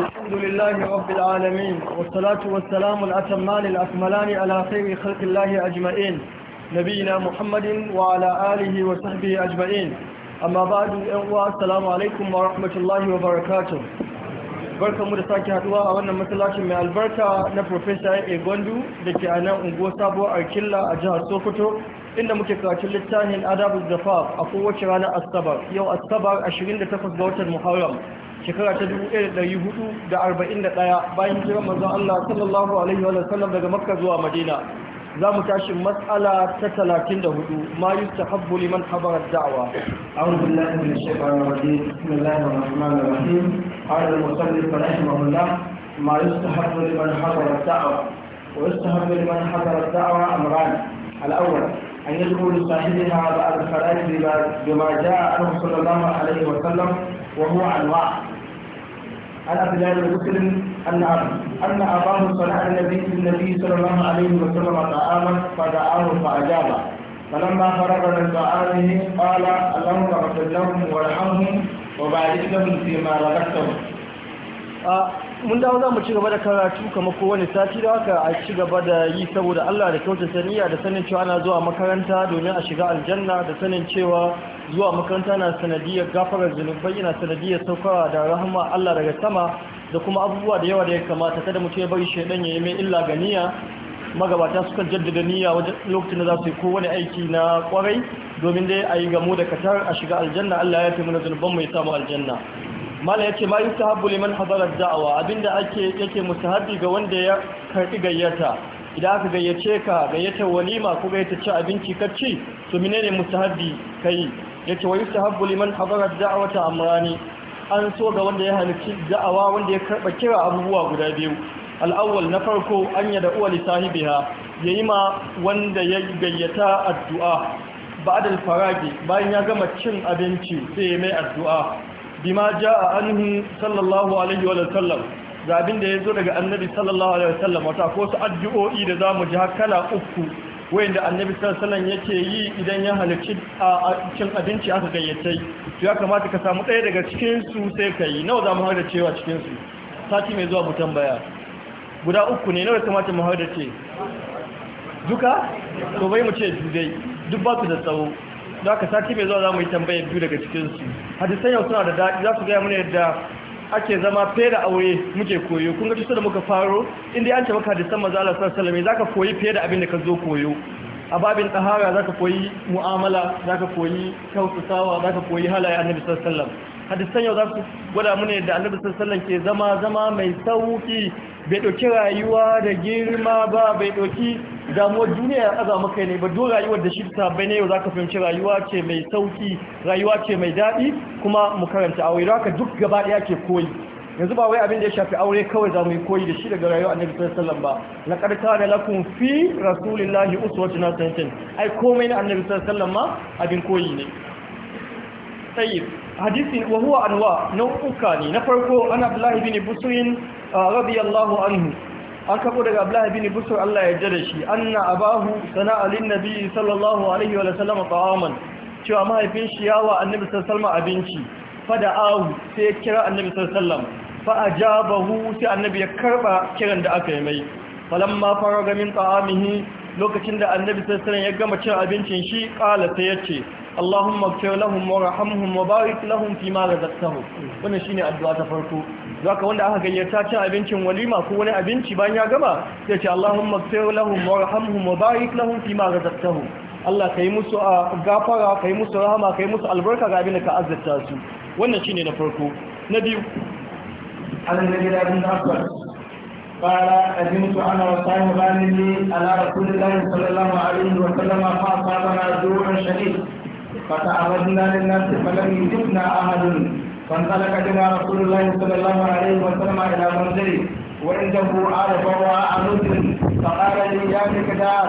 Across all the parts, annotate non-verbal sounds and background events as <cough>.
الحمد لله رب العالمين والصلاة والسلام الأتمان الأكملان على خير خلق الله أجمعين نبينا محمد وعلى آله وصحبه أجمعين أما بعد السلام عليكم ورحمة الله وبركاته barka mu da sake haɗuwa a wannan masallacin mai albarka na Professor A. Gondu da ke a nan unguwa sabuwar Arkilla a jihar Sokoto inda muke karatun littafin Adabul Zafaf a kowace ranar Asabar yau Asabar 28 da watan Muharram shekara ta 1441 bayan jiran manzon Allah sallallahu alaihi wa sallam daga Makka zuwa Madina za mu tashi matsala ta 34 ma yustahabbu liman habara da'wa a'udhu billahi minash shaitanir rajim bismillahir rahmanir rahim qala al-musannif rahimahullah ma yustahabbu liman habara da'wa wa yustahabbu liman habara da'wa amran al-awwal أن يدخل لصاحبها بعد الخلائق بما جاء عنه صلى الله عليه وسلم وهو anwa. عن عبد الله بن مسلم ان ان اباه صنع النبي النبي صلى الله عليه وسلم طعاما فدعاه فاجابه فلما فرغ من طعامه قال اللهم اغفر لهم وارحمهم وبارك لهم فيما رزقتهم آه، mun dawo za mu ci gaba da karatu kamar kowane sati da haka a ci gaba da yi saboda Allah da kyautar saniya da sanin cewa ana zuwa makaranta domin a shiga aljanna da sanin cewa zuwa makaranta na sanadiyar gafarar zunubai yana sanadiyar saukawa da rahama Allah daga sama da kuma abubuwa da yawa da ya kamata kada mu ce bari shaidan ya yi mai illa ga niyya magabata sukan jaddada niyya wajen lokacin da za su yi kowane aiki na kwarai domin dai a yi gamo da katar a shiga aljanna Allah ya fi mana zunuban ya samu aljanna mala yace ma habu liman hadara da'awa abinda ake yake musahabi ga wanda ya karbi gayyata idan aka gayyace ka gayyatar walima ko gayyata ci abinci ci to menene musahabi kai yake wa habu liman hadara da'awata amrani an so ga wanda ya halici da'awa wanda ya karba kira abubuwa guda biyu al'awwal na farko an yada uwa lisahibiha yayi ma wanda ya gayyata addu'a ba'da al-faragi bayan ya gama cin abinci sai ya mai addu'a bima ja a anhu sallallahu alaihi wa sallam ga abin da yazo daga annabi sallallahu alaihi wa sallam wata ko su addu'o'i da zamu ji hakala uku wayanda annabi sallallahu alaihi yake yi idan ya halarci a cin abinci aka gayyace to ya kamata ka samu ɗaya daga cikin su sai yi. nawa zamu haɗa cewa cikin su sati mai zuwa mu tambaya guda uku ne nawa kamata mu haɗa ce duka to bai mu ce dudai duk ba su da tsawo da aka sati mai zuwa za mu yi tambayar biyu daga cikin su hadisan yau suna da daɗi za su gaya mana yadda ake zama fiye da aure muke koyo kun ga tusa da muka faro inda an ce maka hadisan maza ala sallallahu alaihi zaka koyi fiye da abin da ka zo koyo a babin tsahara zaka koyi mu'amala zaka koyi kyautatawa zaka koyi halaye annabi sallallahu alaihi hadisan yau za su gwada mune da annabi sallallahu ke zama zama mai sauki bai ɗauki rayuwa da girma ba bai ɗauki damuwar duniya ya aza maka ne ba duk rayuwar da shi ta bane ne yau zaka fahimci rayuwa ce mai sauki rayuwa ce mai daɗi kuma mu karanta aure haka duk gaba ɗaya ke koyi yanzu ba wai abin da ya shafi aure kawai za mu yi koyi da shi daga rayuwa annabi sallallahu alaihi wasallam ba laqad kana lakum fi rasulillahi uswatun hasanah ai komai na annabi sallallahu alaihi wasallam ma abin koyi ne sayyid hadisin wa huwa anwa nau'uka ne na farko ana abdullahi bin busurin uh, rabiyallahu anhu an kafo daga abdullahi bin busur Allah ya jada shi anna abahu sana'a lin nabi sallallahu alaihi wa sallam ta'aman cewa mahaifin shi yawa annabi sallallahu abinci fada'ahu sai ya kira annabi sallallahu fa ajabahu sai annabi ya karba kiran da aka yi mai falamma faraga min ta'amihi lokacin da annabi sassanin ya gama cin abincin shi ƙala ta ya ce Allahumma kfir lahum wa rahamhum wa barik lahum fi ma razaqtahum wannan shine addu'a ta farko zaka wanda aka gayyata cin abincin walima ko wani abinci bayan ya gama sai ce Allahumma kfir lahum wa rahamhum wa barik lahum fi ma razaqtahum Allah kai musu gafara kai musu rahama kai musu albarka ga abin da ka azzata su wannan shine na farko na biyu annabi da ibn قال قدمت انا وصائم غانمي على رسول الله صلى الله عليه وسلم فاصابنا جوع شديد فتعرضنا للناس فلم يجبنا احد فانطلق بنا رسول الله صلى الله عليه وسلم الى منزلي وعنده عرف وعرف فقال لي يا ابن كدار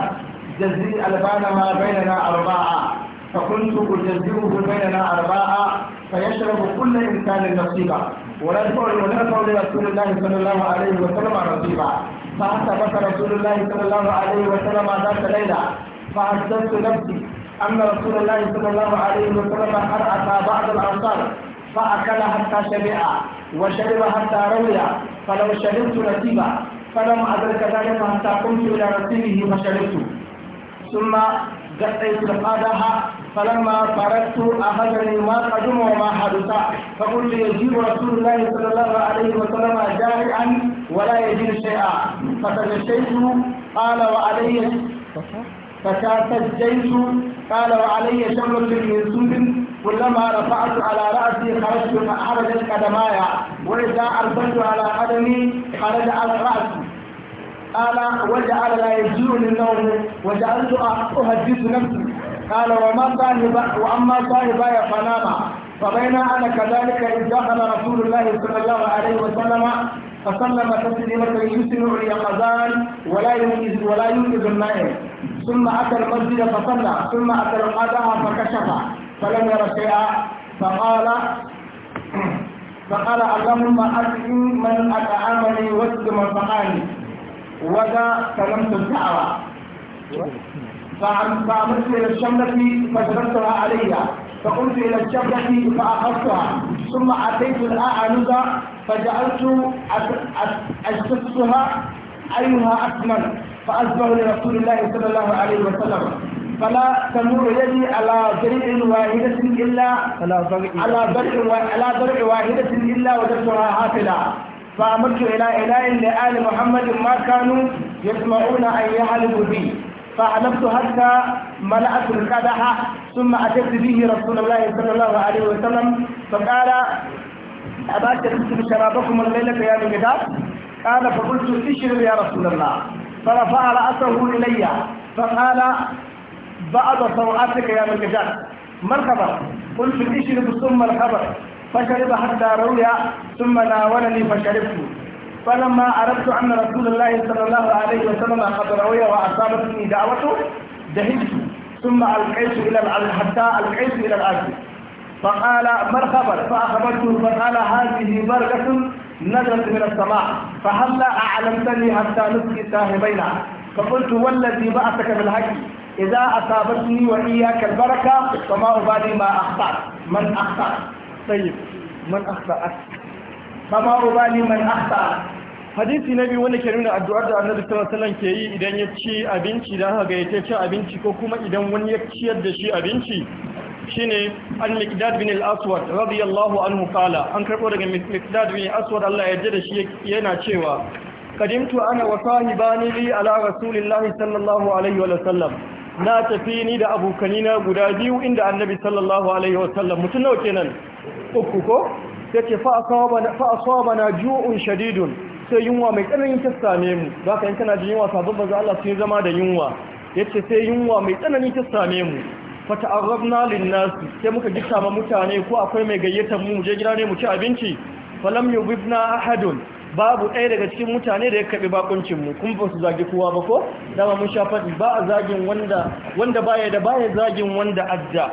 جزي البان ما بيننا اربعه فكنت اجزئه بيننا اربعه فيشرب كل انسان نصيبه ونسمع ونسمع لرسول الله صلى الله عليه وسلم رصيبا فحسبك رسول الله صلى الله عليه وسلم ذات ليلة فحدثت نفسي أن رسول الله صلى الله عليه وسلم قد أتى بعض الأنصار فأكل حتى شبع وشرب حتى روي فلو شربت نسيبا فلم أدرك ذلك حتى قمت إلى رسيبه فشربت ثم قديت القادها فلما فرقت أخذني ما قدم وما حدث فقلت يجيب رسول الله صلى الله عليه وسلم جائعا ولا يجيب شيئا فتجيت قال وعلي فتجيت قال وعلي شمرة من سود كلما رفعت على رأسي خرجت خرجت قدماي وإذا أرسلت على قدمي خرج على رأسي قال وجعل لا يجيئني النوم وجعلت أحدث نفسي قال وما صاحب وأما يا فنام فبين أنا كذلك إذ دخل رسول الله صلى الله عليه وسلم فسلم تسليمة يسمع اليقظان ولا ينقذ ولا ينقذ النائم ثم أتى المسجد فصلى ثم أتى القدح فكشف فلم ير شيئا فقال فقال اللهم أطعم من أطعمني واسلم من وذا كلمت الدعوة فعمدت إلى الشملة فجلستها عليها فقمت إلى الشملة فأخذتها ثم أتيت الأعنزة فجعلت أشتتها أيها أكمل فأسبه لرسول الله صلى الله عليه وسلم فلا تمر يدي على درع واحدة إلا على درع واحدة إلا وجدتها هافلة فأمرت إلى إله لآل محمد ما كانوا يسمعون أن يحلفوا بي فحلفت حتى ملأت القدح ثم أتيت به رسول الله صلى الله عليه وسلم فقال أبا تكتب شرابكم الليلة يا مقدار قال فقلت اشرب يا رسول الله فرفع رأسه إلي فقال بعض سوءاتك يا مقدار ما الخبر قلت اشرب ثم الخبر فشرب حتى روي ثم ناولني فشربت فلما أردت أن رسول الله صلى الله عليه وسلم قد روي وأصابتني دعوته دهنت ثم ألقيت إلى حتى ألقيت إلى العجل فقال مرحبا فأخبرته فقال هذه بركة نزلت من السماء فهلا أعلمتني حتى نسقي ساهبينا فقلت والذي بعثك بالحج إذا أصابتني وإياك البركة فما أبالي ما أخطأت من أخطأت طيب من أخطأ فما أبالي من أخطأ hadisi na biyu wanda ke nuna addu'ar da annabi sallallahu alaihi ke yi idan ya ci abinci da haka ya ci abinci ko kuma idan wani ya ciyar da shi abinci shine an miqdad bin al-aswad radiyallahu anhu qala an karbo daga miqdad bin al-aswad Allah ya da shi yana cewa qadimtu ana wa sahibani li ala rasulillahi sallallahu alaihi wa sallam na tafi ni da abokanina guda biyu inda annabi sallallahu alaihi wasallam mutum nawa kenan uku ko yace fa asaba na ju'un shadidun sai yunwa mai tsananin ta same mu ka in kana jin yunwa sabon bazan Allah sai zama da yunwa yace sai yunwa mai tsanani ta same mu fata'arrabna lin-nas sai muka gita ma mutane ko akwai mai gayyatar mu je gida ne mu ci abinci falam yubna ahadun babu ɗaya daga cikin mutane da ya karɓi bakoncinmu kun ba su zagi kowa ba ko dama mun sha faɗi ba a zagin wanda wanda baya da baya zagin wanda adda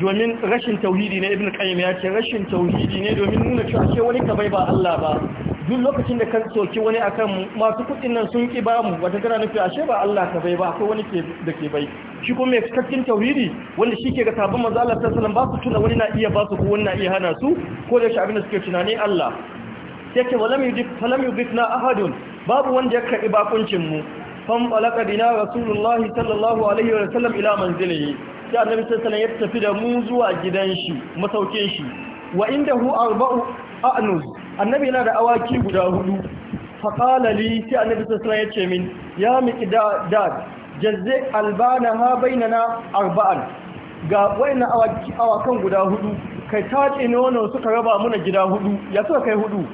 domin rashin tauhidi ne ibn qayyim ya ce rashin tauhidi ne domin nuna cewa ce wani ka bai ba Allah ba duk lokacin da kan soki wani akan masu kuɗin nan sun ki bamu wata tana nufi ashe ba Allah ka bai ba akwai wani ke da ke bai shi kuma mai cikakken tauhidi wanda shi ke ga sabon manzo Allah sallallahu alaihi wasallam ba su tuna wani na iya ba su ko wani na iya hana su ko da shi abin da suke tunani Allah yake falam na ahadun babu wanda ya karbi bakuncin mu fam alaka bina rasulullah sallallahu alaihi wa sallam ila manzilihi sai annabi sallallahu alaihi ya tafi da mu zuwa gidan shi masaukin shi wa indahu arba'u anuz annabi yana da awaki guda hudu qala li sai annabi sallallahu alaihi ya ce min ya miqdad albana ha bainana arba'an ga awaki awakan guda hudu kai tace nono suka raba muna gida hudu ya suka kai hudu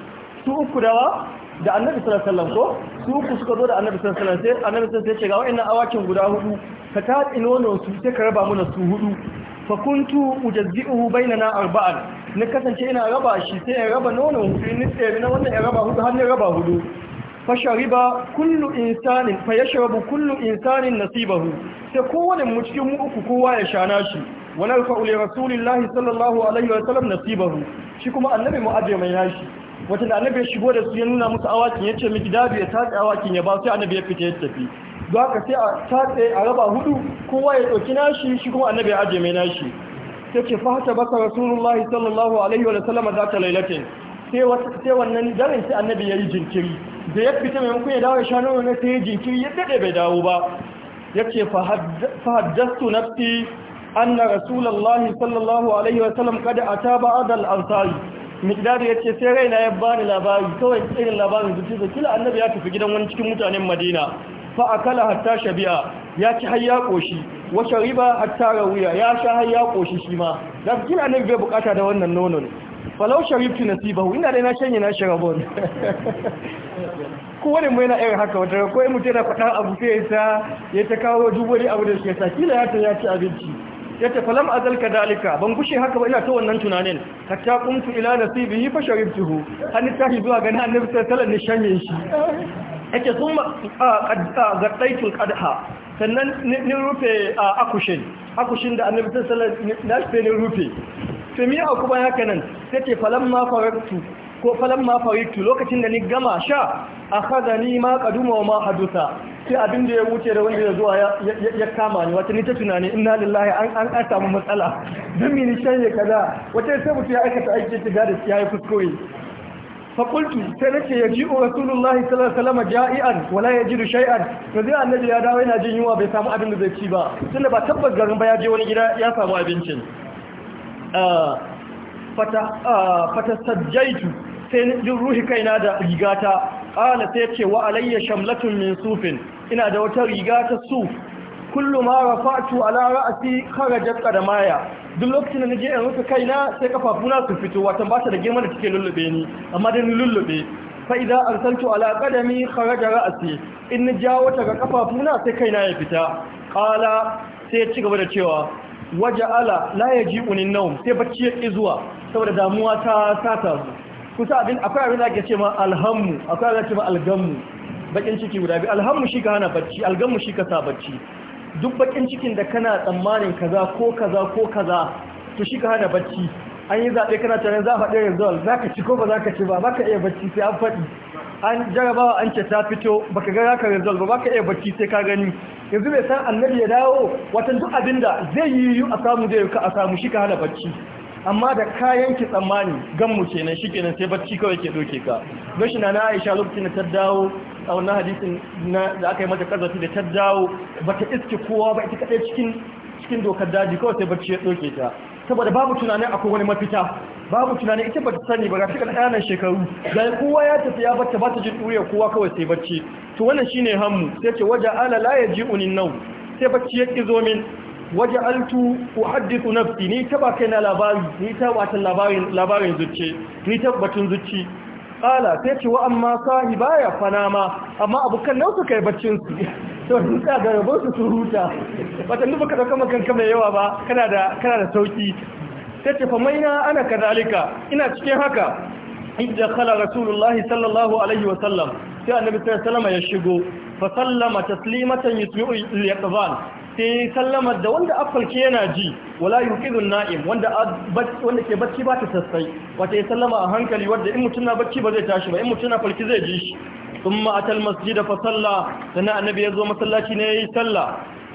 su uku dawa da annabi sallallahu alaihi wasallam ko su uku suka zo da annabi sallallahu alaihi wasallam sai annabi sallallahu alaihi wasallam ya ce ga wa'annan awakin guda hudu ka tatsi nonon su sai ka raba mana su hudu fa kuntu ujazzi'uhu bainana arba'an na kasance ina raba shi sai ya raba nono hudu ni tsere na wannan ya raba hudu har ni raba hudu fa shariba kullu insanin fa yashrabu kullu insanin nasibahu sai kowanne mu cikin mu uku kowa ya shana shi wa narfa'u li rasulillahi sallallahu alaihi wa sallam nasibahu shi kuma annabi mu aje mai nashi wata da annabi ya shigo da su ya nuna musu awakin ya ce miki dabi ya tatse awakin ya ba sai annabi ya fita ya tafi don haka sai a tatse a raba hudu kowa ya ɗauki nashi shi kuma annabi ya ajiye mai nashi ta ce fata baka rasulullahi sallallahu alaihi wa sallam za ta lailata. sai wannan daren sai annabi ya yi jinkiri da ya fita maimakon ya dawo ya sha nono na sai ya jinkiri ya daɗe bai dawo ba ya ce fa fahaddastu nafsi anna rasulullahi sallallahu alaihi wa sallam kada ata ba'adal ansari miqdad ya ce sai raina ya bani labari kawai irin labarin zuci da kila annabi ya tafi gidan wani cikin mutanen madina fa akala hatta shabi'a ya ci har ya koshi wa shariba hatta rawiya ya sha har ya koshi shi ma da kila annabi bai bukata da wannan nonon falau sharibtu nasibahu ina dai na shanye na sharabon <laughs> ko wani mai na irin haka wata ko mutum yana faɗa abu sai ya ta ya ta kawo duk wani abu da shi ya sa kila ya ta ya ci abinci yace falam azal dalika ban gushe haka ba ina ta wannan tunanin hatta qumtu ila nasibihi fa sharibtuhu hannu tashi zuwa ga a sallallahu alaihi wasallam ni shanye shi yace thumma qaddaitu qadha sannan ni rufe akushin akushin da annabi sallallahu alaihi wasallam na rufe to mi aku bayan haka nan yace falamma faraqtu ko falan ma faritu lokacin da ni gama sha akhadha ni ma Kaduma wa ma hadusa sai abin da ya wuce da wanda ya zuwa ya kama ni wata ni ta tunani Ina lillahi an an samu matsala dan mini shanye kaza wata sai ya aikata aiki ta ga da ya yi kuskure fakultu sai nace ya ji rasulullahi sallallahu alaihi Wala ja'ian wala yajidu shay'an to zai annabi ya dawo yana jin yunwa bai samu abin da zai ci ba tunda ba tabbas garin ba ya je wani gida ya samu abincin ah, ah, fata sajjaitu sai jin ruhi kaina da rigata ƙala sai ce wa alayya shamlatun min sufin ina da wata riga ta suf kullu ma rafa'tu ala ra'si kharajat qadamaya duk lokacin da naje in rufe kaina sai kafafuna su fito watan ba ta da girman da take lullube ni amma da lullube fa idza arsaltu ala qadami kharaja ra'si in na jawo ta ga kafafuna sai kaina ya fita ƙala sai ya ci gaba da cewa waja'ala la yaji'uni an nawm sai bacci ya zuwa saboda damuwa ta sata kusa abin akwai abin da ake ce ma alhammu akwai abin da ake ce ma algammu bakin ciki guda biyu alhammu shi ka hana bacci algammu shi ka sa bacci duk bakin cikin da kana tsammanin kaza ko kaza ko kaza to shi ka hana bacci an yi zaɓe kana tare za a faɗi result za ka ci ko ba za ka ci ba ba ka iya bacci sai an faɗi an jarabawa an ce ta fito baka ga ka result ba baka iya bacci sai ka gani yanzu bai san annabi ya dawo watan duk abinda zai yi a samu zai ka a samu shi ka hana bacci amma da kayan ki tsammani gan mu kenan shikenan sai bacci kawai ke doke ka gashi na na Aisha lokacin da ta dawo a wannan hadisin da aka yi mata kazafi da ta dawo bata iske kowa ba ita kadai cikin cikin dokar daji kawai sai bacci ya doke ta saboda babu tunanin akwai wani mafita babu tunanin ita ba ta sani ba ga fika ƙananan shekaru ga kowa ya tafi ya bata ta jin ɗuriya kowa kawai sai bacci to wannan shine hammu sai ce waja ala la yaji'uni nau sai bacci ya ƙi zo min waje altu uhaddiku nafsi ni ta ba na labari ni ta watan labarin labarin zucce ni tabbatun zucci kala sai ce wa amma sahiba ya fanama amma abokan nan su kai baccin su to sun ka ga rabon su su huta wata ni baka dauka makan kama yawa ba kana da kana da sauki sai ce fa maina ana kadalika ina cikin haka idda khala rasulullahi sallallahu alaihi wa sallam sai annabi sallallahu alaihi wa sallam ya shigo fa sallama taslimatan yusmi'u al-yaqzan sai sallamar da wanda afalke yana ji wala yuqidun na'im wanda wanda ke bacci ba ta sassai wata ya sallama a hankali wanda in mutum na bacci ba zai tashi ba in mutum na falki zai ji shi thumma atal masjid fa salla sannan annabi ya zo masallaci ne yayi salla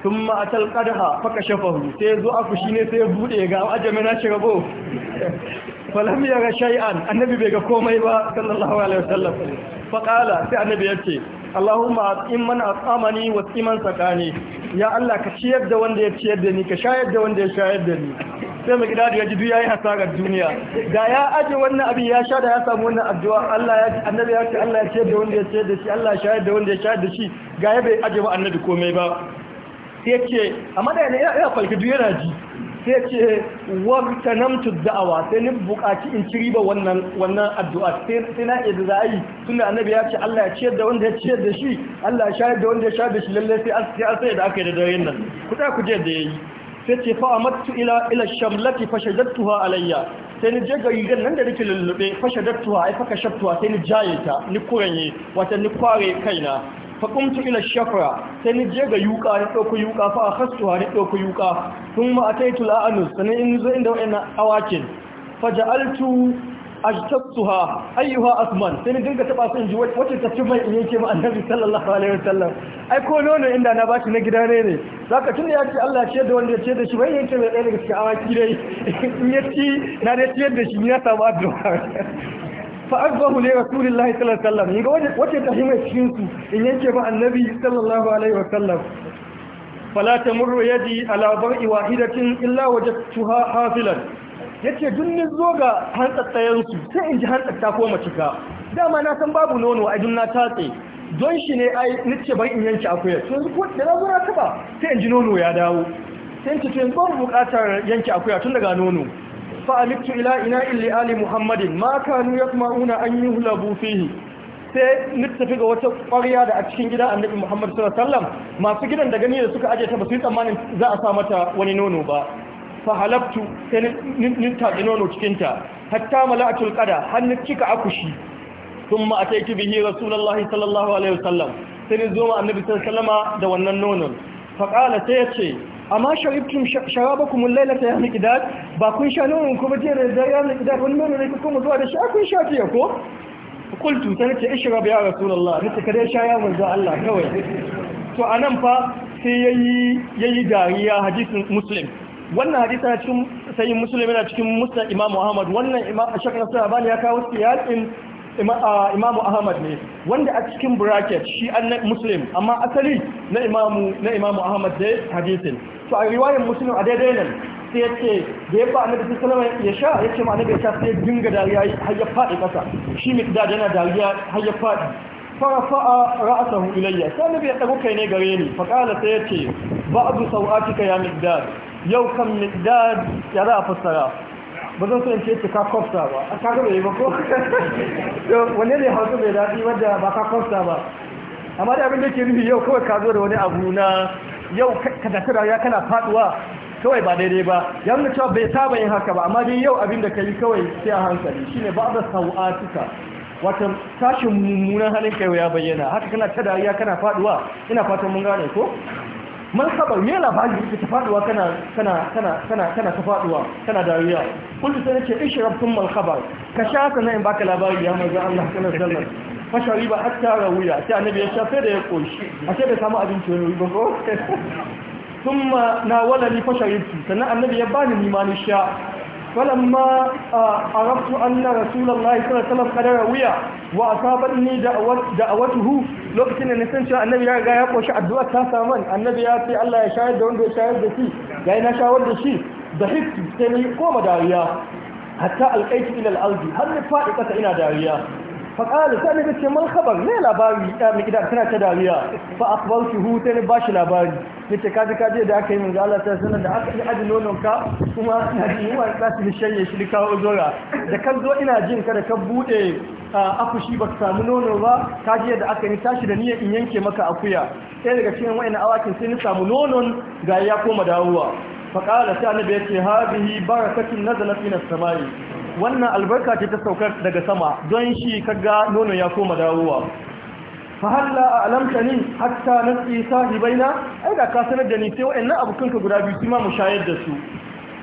thumma atal qadha fa kashafahu sai ya aku akushi ne sai ya bude ga ajami na shiga go falam yara shay'an annabi bai ga komai ba sallallahu alaihi wasallam fa qala sai annabi yace Allahumma at'im man at'amani wa tsiman sakani ya Allah ka ciyar da wanda ya ciyar da ni ka shayar da wanda ya shayar da ni sai mai gida da ya ji duk yayi hasarar duniya da ya aje wannan abin ya sha da ya samu wannan addu'a Allah ya annabi ya ce Allah ya ciyar da wanda ya ciyar da shi Allah ya shayar da wanda ya shayar da shi ga ya bai aje ba annabi komai ba sai ce amma da yana falki duk yana ji sai ce wata namtu da'awa sai ni bukaci in ci riba wannan wannan addu'a sai na iya zai tunda annabi ya ce Allah ya ciyar da wanda ya ciyar da shi Allah ya shayar da wanda ya shayar da shi lalle sai sai sai da aka yi da dare nan ku ta ku je da yayi sai ce fa amattu ila ila shamlati a alayya sai ni je ga rigar nan da nake lullube fashadatuha ai faka shaftuha sai ni jaye ta ni kuranye wata ni kware kaina faƙumtu ila shafra sai ni je ga yuka ya ɗauko yuka fa a hastuwa ni ɗauko yuka sun ma a taitu la'anus sannan in zo inda wa'annan awakin Fa faja'altu tattuwa ayyuwa asman sai ni dinga taɓa sun ji wacce ta mai in yake ma annabi sallallahu alaihi wasallam ai ko nono inda na bashi na gida ne ne zaka tunda ya ce Allah ce da wanda ya ce da shi bai yake mai ɗaya daga cikin awaki dai in ya ci na dai ciyar da shi ya samu addu'a fa'azzahu li rasulillahi sallallahu alaihi wasallam ga wace ta hima cikin su in yanke ba annabi sallallahu alaihi wasallam fala tamurru yadi ala bar'i wahidatin illa wajadtuha hafilan yace dunnin zo ga hantsattayen su sai in ji hantsatta ko macika dama na san babu nono a na tatse don shi ne ai nace ban in yanke akuya to yanzu ko da na ta ba sai in ji nono ya dawo sai in ce to yanzu ba bukatar yanke akuya tun daga nono fa'alibtu ila ina illi ali muhammadin ma kanu yasma'una an yi yuhlabu fihi sai littafi ga wata ƙwarya da a cikin gidan annabi muhammad sallallahu masu gidan da gani da suka aje ta ba su yi tsammanin za a sa mata wani nono ba fa halabtu sai ni taɓi nono cikinta. ta hatta mala'atul qada hannun cika akushi thumma ataitu bihi rasulullahi sallallahu alaihi wasallam sai ni zo ma annabi sallallahu da wannan nonon fa qala sai ya ce amma sharibtum sharabakum al laylata ya miqdad ba kun sha nuna ku ba jere da ya miqdad wani nuna ne kuma zuwa da sha kun sha fiye ko qultu sanake ishrab ya rasulullah nace kada sha ya manzo Allah kawai to anan fa sai yayi yayi dariya hadisin muslim wannan hadisi na cikin sayin muslim yana cikin musnad imam muhammad wannan imam shakar sa ya kawo siyasin imamu ahmad ne wanda a cikin bracket shi an muslim amma asali na imamu na imamu ahmad dai hadisin to a riwayar muslim a daidai nan sai ya ce da ya ba sallama ya sha ya ce ma annabi ya sha sai dinga dariya har ya faɗi ƙasa shi mikdad yana dariya har ya faɗi farafa'a ra'asahu ilayya sai annabi ya dago kai ne gare ni fa sai ya ce ba'du sawatika ya mikdad yau kan mikdad ya za a fassara ba zan so in ce ka kofta ba a kaga bai ba ko wanne ne hausa mai daɗi wadda ba ka kofta ba amma da abin da ke nufi yau kawai ka zo da wani abu na yau ka tafi rayuwa kana faduwa kawai ba daidai ba ya nuna cewa bai saba yin haka ba amma dai yau abin da ka yi kawai sai a hankali shine ba da sau'atuka wata tashin mummunan halin kai ya bayyana haka kana ta dariya kana faduwa ina fatan mun gane ko man sabar me labari da ta faduwa kana kana kana kana kana ta faduwa kana dariya kullu sai nace ishrab thumma al-khabar ka sha kana in baka labari ya manzo Allah kana sallar fa shariba hatta rawiya sai annabi ya shafe da ya koshi a sai samu abinci wani ba ko <laughs> thumma nawalani fa sharibtu sannan annabi ya bani nimani sha falamma a rafu an na rasulun lai salasalar kadara wuya wa a sabon da a watuhu lokacin da nisan cewa annabi ya riga ya koshi addu'a ta saman annabi ya ce allah ya shayar da wanda ya shayar da shi ya yi na shawar shi da hifti sai ni koma dariya hatta alƙaiki ila al'arzi har ni faɗi ƙasa ina dariya faƙali sai annabi ce mal ne labari ya mai gidan tana ta dariya fa akhbartuhu ta ne shi labari nace kaji kaji da aka yi min Allah ta sanar da aka yi aji nonon ka kuma na ji wa kasu ni shanye shi kawo uzura da kan zo ina jin ka da ka bude akushi ba ka samu nono ba kaji da aka yi tashi da niyyar in yanke maka akuya sai daga cikin wayannan awakin sai ni samu nonon ga ya koma dawowa faƙala sai annabi ya ce bihi barakatun nazalat na as wannan albarka ce ta saukar daga sama don shi kaga nono ya koma dawowa fa halla alamtani hatta nasi sahibaina ai da ka sanar da ni sai wa'annan abukan ka guda biyu kuma mu shayar da su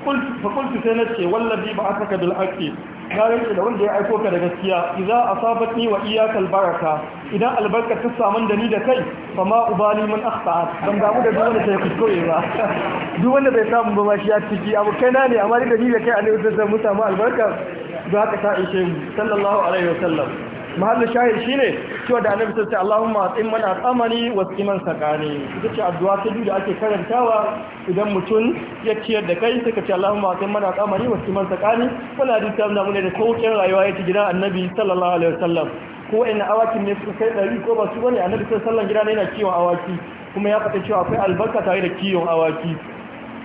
fakultu sai na ce wallabi ba aka ka bil'aƙi na rike da wanda ya aiko ka da gaskiya Za a ni wa iyaka baraka. idan albarka ta samun da ni da kai fa ma ubali man akhta'a ban damu da duk wanda sai kuskure ba duk wanda bai samu ba ma shi ya ciki abu kai na ne amma da ni da kai a ne sai mu samu albarka Ba ka ta ishe mu sallallahu alaihi wasallam mahallin shi ne cewa da annabi sai Allahumma at'im mana tsamani wa iman sakani ita ce addu'a ta biyu da ake karantawa idan mutum ya ciyar da kai sai ka ce Allahumma at'im mana tsamani wa tsiman sakani wala hadisi da mun da sauƙin rayuwa ya ci gidan annabi sallallahu alaihi wasallam ko ina awaki ne suka kai dari ko ba su bane annabi sai sallan gida ne yana kiwon awaki kuma ya faɗa cewa akwai albarka tare da kiwon awaki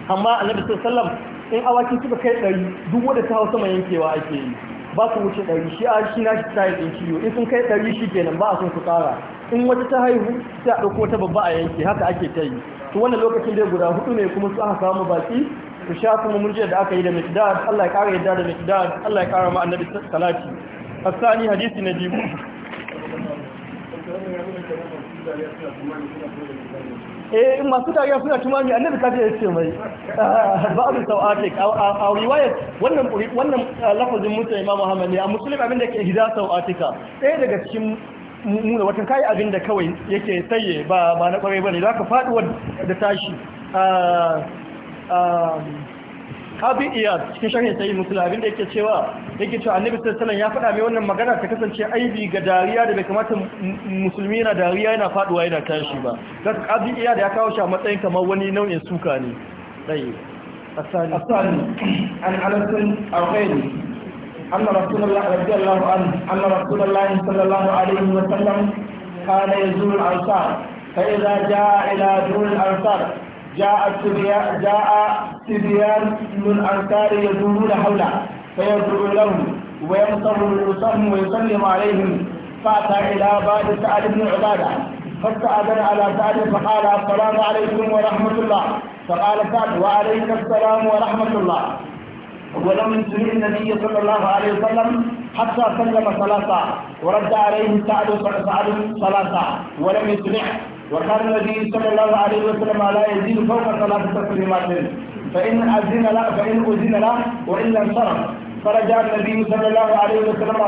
amma annabi sai sallam in awaki suka kai dari duk wanda ta hausa mai yankewa ake yi ba su wuce ɗari shi a shi na shi ta yi ɗin ciwo in sun kai ɗari shi kenan ba a sun su ƙara in wata ta haihu sai a ɗauko ta babba a yanke haka ake ta yi su wannan lokacin dai guda hudu ne kuma su aka samu baki su sha kuma mun da aka yi da miqdad Allah ya ƙara yadda da miqdad Allah ya ƙara ma annabi salati asani hadisi na biyu eh masu dariya suna tumami annabi kaje ya ce mai ah, ba'du sau'atik a riwayat wannan wannan ah, lafazin musa imam Muhammad ne a muslim abinda da ke hida sau'atika ɗaya daga cikin muna watan kayi abinda kawai yake tsaye ba ba na kwarai bane zaka faduwa da tashi ah, abi iya cikin sharhin sai musulun abin da yake cewa yake cewa annabi sallallahu ya faɗa mai wannan magana ta kasance aibi ga dariya da bai kamata musulmi na dariya yana faɗuwa yana tashi ba zaka abi iya da ya kawo shi a matsayin kamar wani nau'in suka ne dai asali asali an alasan alghairi anna rasulullahi radiyallahu anhu anna rasulullahi sallallahu alaihi wa sallam kana yazuru al-ansar fa idza jaa ila durul ansar جاء جاء سبيان من أنصار يدورون حوله فيدعو لهم وينصر رؤوسهم ويسلم عليهم فأتى إلى باب سعد بن عبادة فاستأذن على سعد فقال السلام عليكم ورحمة الله فقال سعد وعليك السلام ورحمة الله ولم ينتهي النبي صلى الله عليه وسلم حتى سلم ثلاثة ورد عليه سعد سعد ثلاثة ولم يسمع وكان النبي صلى الله عليه وسلم لا يزيد فوق ثلاث تسليمات فإن أذن له فإن أذن له وإلا انصرف فرجع النبي صلى الله عليه وسلم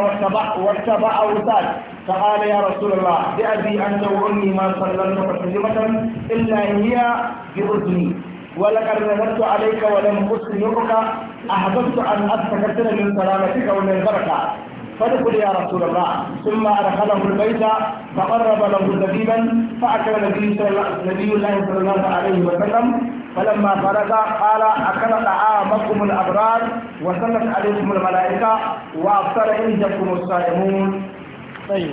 واتبع وسال فقال يا رسول الله بأبي أنت وأمي ما صليت كلمة إلا هي بأذني ولقد نذرت عليك ولم أسلمك أحببت أن أتكثر من سلامتك ومن البركة فدخل يا رسول الله ثم أدخله البيت فقرب له زبيبا فأكل نبي الله صلى الله عليه وسلم فلما فرغ قال أكل طعامكم الأبرار وسلت عليكم الملائكة وأفطر عندكم الصائمون طيب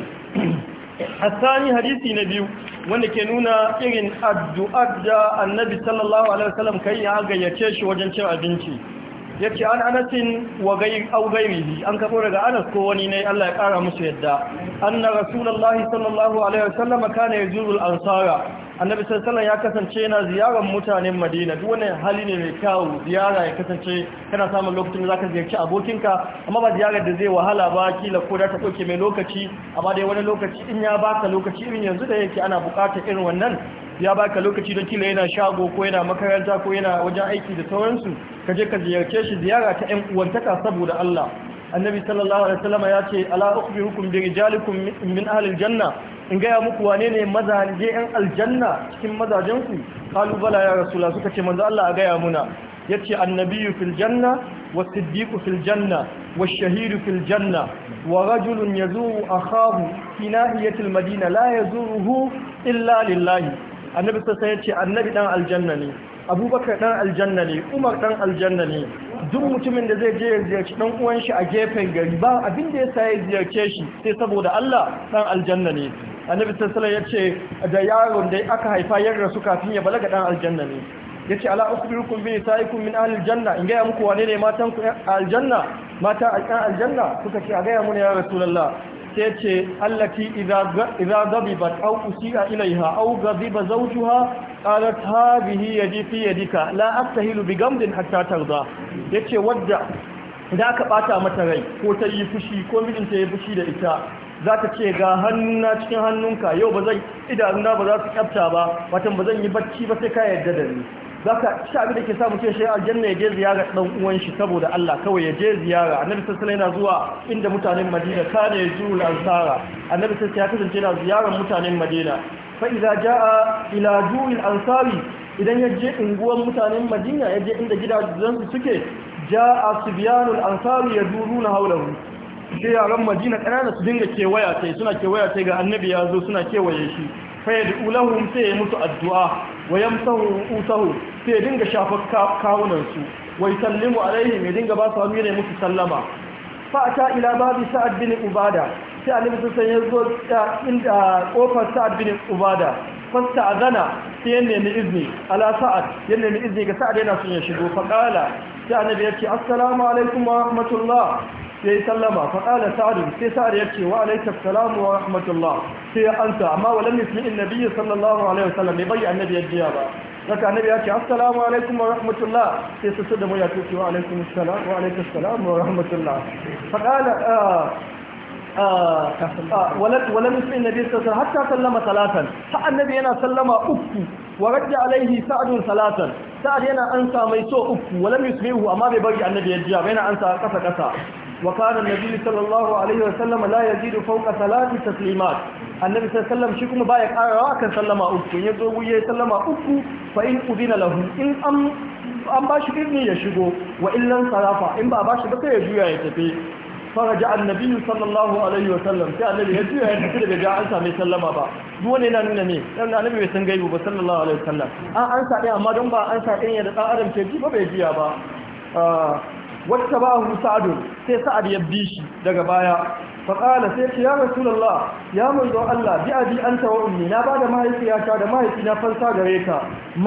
الثاني حديث نبي wanda ke nuna irin addu'ar da annabi sallallahu alaihi wasallam kai ya gayyace shi wajen cin abinci yace an anasin wa gai au an kafo daga anas ko wani ne Allah ya kara musu yadda an na rasulallah sallallahu alaihi wasallam kana yazuru ansara annabi sallallahu ya kasance yana ziyarar mutanen Madina duk wani hali ne mai kawo ziyara ya kasance kana samun lokacin da zaka ziyarci abokinka amma ba ziyarar da zai wahala ba kila ko da ta dauke mai lokaci amma dai wani lokaci in ya baka lokaci irin yanzu da yake ana bukatar irin wannan ya baka lokaci don kila yana shago ko yana makaranta ko yana wajen aiki da sauransu ka je ka ziyarce shi ziyara ta yan uwantaka saboda Allah annabi sallallahu alaihi wasallam ya ce ala ukhbirukum bi rijalikum min ahli aljanna in ga muku wane ne mazaje yan aljanna cikin mazajen ku qalu bala ya rasulullah suka ce manzo Allah ga ya muna yace annabiyyu fil janna wa siddiqu fil janna wash-shahidu fil janna wa rajulun yazuru akhahu fi nahiyatil madina la yazuruhu illa lillahi annabi sassa ya ce annabi dan aljanna ne abubakar dan aljanna ne umar dan aljanna ne duk mutumin da zai je ya ziyarci dan uwan shi a gefen gari ba abin da ya sa ya ziyarce shi sai saboda Allah dan aljanna ne annabi sassa ya ce da yaron da aka haifa ya rasu kafin ya balaga dan aljanna ne yace ala ukhbirukum bi nisaikum min ahli aljanna in gaya muku wane ne matan ku aljanna mata aljanna suka ce a gaya mu ne ya rasulullah sai ce allati idza ghadibat aw a ilaiha aw ghadiba bihi ya ji fiye dika yadika ta hilu bi gamdin hatta Ya ce wadda da aka ɓata mata rai ko ta yi fushi ko ta yi fushi da ita za ta ce ga hannuna cikin hannunka yau ba zai idanuna ba za su kyafta ba watan ba zan yi bacci ba sai ka yarda da ni zaka shi abin da ke samu ce shi aljanna ya je ziyara dan uwan shi saboda Allah kawai ya je ziyara annabi sallallahu yana zuwa inda mutanen Madina kana ya jul ansara annabi sallallahu ya kasance na ziyarar mutanen Madina Fa'iza, ja a ila ansari idan ya je unguwar mutanen Madina ya je inda gidajen su suke a sibyanul ansari na haularu. sai yaran madina kanana su dinga kewaya sai suna kewaya sai ga annabi ya zo suna kewaye shi fayyad ulahum sai ya mutu addu'a wa yamsahu usahu sai ya dinga shafar kawunan su wa yusallimu dinga ba su hannu ne musu sallama fa ata ila babi sa'ad bin ubada sai annabi sun ya zo inda kofar sa'ad bin ubada fasta azana sai ya nemi izini ala sa'ad ya nemi izini ga sa'ad yana son ya shigo fa qala sai annabi ya ce assalamu alaikum wa rahmatullah sai sallama fa qala sa'd sai sa'd ya ce wa alayka assalamu wa rahmatullah sai ya ansa amma walam yasmi annabi sallallahu alaihi wasallam bai bayyana annabi yadda ba saka annabi ya ce assalamu alaikum wa rahmatullah sai su da mu ya ce wa alaikum assalam wa alaikum assalam wa rahmatullah fa qala ولم يسمع النبي صلى الله عليه وسلم حتى سلم ثلاثا فالنبي أنا سلم أكو ورد عليه سعد ثلاثا سعد أنا أنسى ميسو أكو ولم يسمعه أما ببرج النبي يجاب أنا أنسى كسا كسا وكان النبي صلى الله عليه وسلم لا يزيد فوق ثلاث تسليمات النبي صلى الله عليه وسلم شكم بايك أرى كان سلم أكو يزوه يسلم أكو فإن أذن له إن أم an ba shi izini ya shigo wa illan sarafa in ba ba shi ba sai ya juya ya tafi faraja annabi sallallahu alaihi wa sallam sai annabi ya juya ya tafi daga ga an same sallama ba duk wani yana nuna ne dan annabi bai san gaibu ba sallallahu alaihi wa sallam an an sa amma don ba an sa ya da ɗan adam ce ba bai biya ba wata ba hu sa'adu sai sa'ad ya bi shi daga baya faƙala sai ce ya rasulallah ya manzo Allah bi abi anta wa ummi na bada mahaifiyata da mahaifina fansa gare ka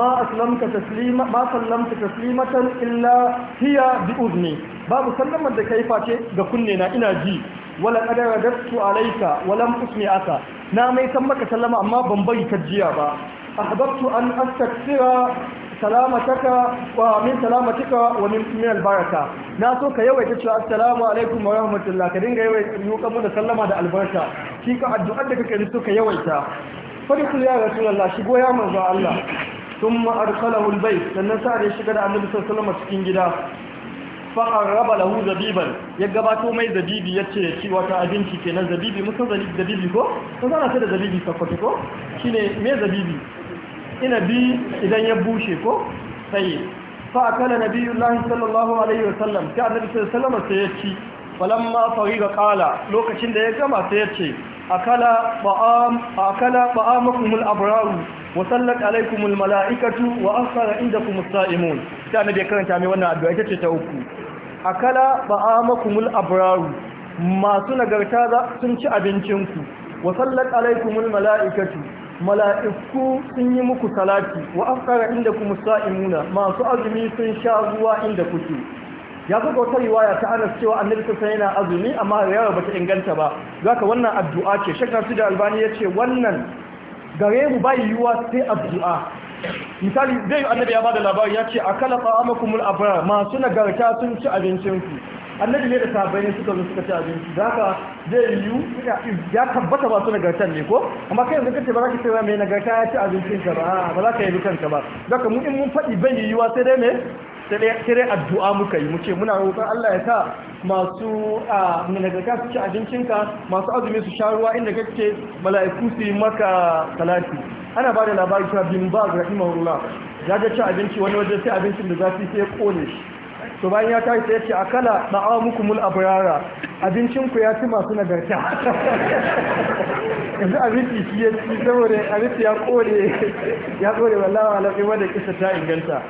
ma aslamta taslima ma sallamta taslimatan illa hiya bi babu sallamar da kai face ga kunne na ina ji wala qadara dastu alayka wa lam aka. na mai san maka sallama amma ban bai jiya ba أحببت أن أستكسر سلامتك ومن سلامتك ومن من البركة ناسوك يوي تشوى السلام عليكم ورحمة الله كدين يوي يوكم سلم هذا البركة شيك أدعتك كريسو يوي تا فدخل يا رسول الله شقوا يا مرزا الله ثم أدخله البيت لأن سعر يشكد عن النبي صلى الله عليه وسلم سكين جدا fa'arraba lahu zabiban ya gabato mai zabibi ya ce shi wata abinci kenan zabibi musan zabibi ko? سفتكو zana مي da inabi idan ya bushe ko sai fa akala nabiyullahi sallallahu alaihi wasallam ta annabi sallallahu alaihi wasallam sai ya ci falamma fariga qala lokacin da ya gama sai ya ce akala ba'am akala ba'amakumul abraru wa sallat alaikumul mala'ikatu wa asara indakumus sa'imun ta annabi karanta mai wannan addu'a ita ce ta uku akala ba'amakumul abraru masu nagarta sun ci abincinku wa sallat alaikumul mala'ikatu mala'iku sun yi muku salati wa afkara inda kuma sa'imuna masu azumi sun sha ruwa inda kuke ya fi wata waya ta anas cewa annabi sassa yana azumi amma ba bata inganta ba Za ka wannan addu'a ce shakar su da albani ya ce wannan gare mu bai yiwuwa sai addu'a misali zai annabi ya ba da labari ya ce a kala tsa'amakumul abrar masu nagarta sun ci abincinku annabi ne da sabai ne suka zo suka ci abinci za ka zai yiwu ya tabbata ba su ne ko amma kai yanzu kace ba za ka cewa mai nagarta ya ci abincin ka ba ba za ka yi kanka ba za ka mu in mun faɗi bai yiwuwa sai dai me sai dai addu'a muka yi muke muna roƙon Allah ya sa masu a nagarta su ci abincin ka, masu azumi su sha ruwa inda kake mala'iku su yi maka salati ana ba da labari cewa bin ba rahimahullah ya ga ci abinci wani waje sai abincin da zafi sai ya kone shi to bayan ya tashi sai ya ce akala da'amukumul abrara abincin ku ya ci masu nagarta yanzu abinci shi ya ci saboda abinci ya kore ya kore wallahi alaƙi wanda kisa ta inganta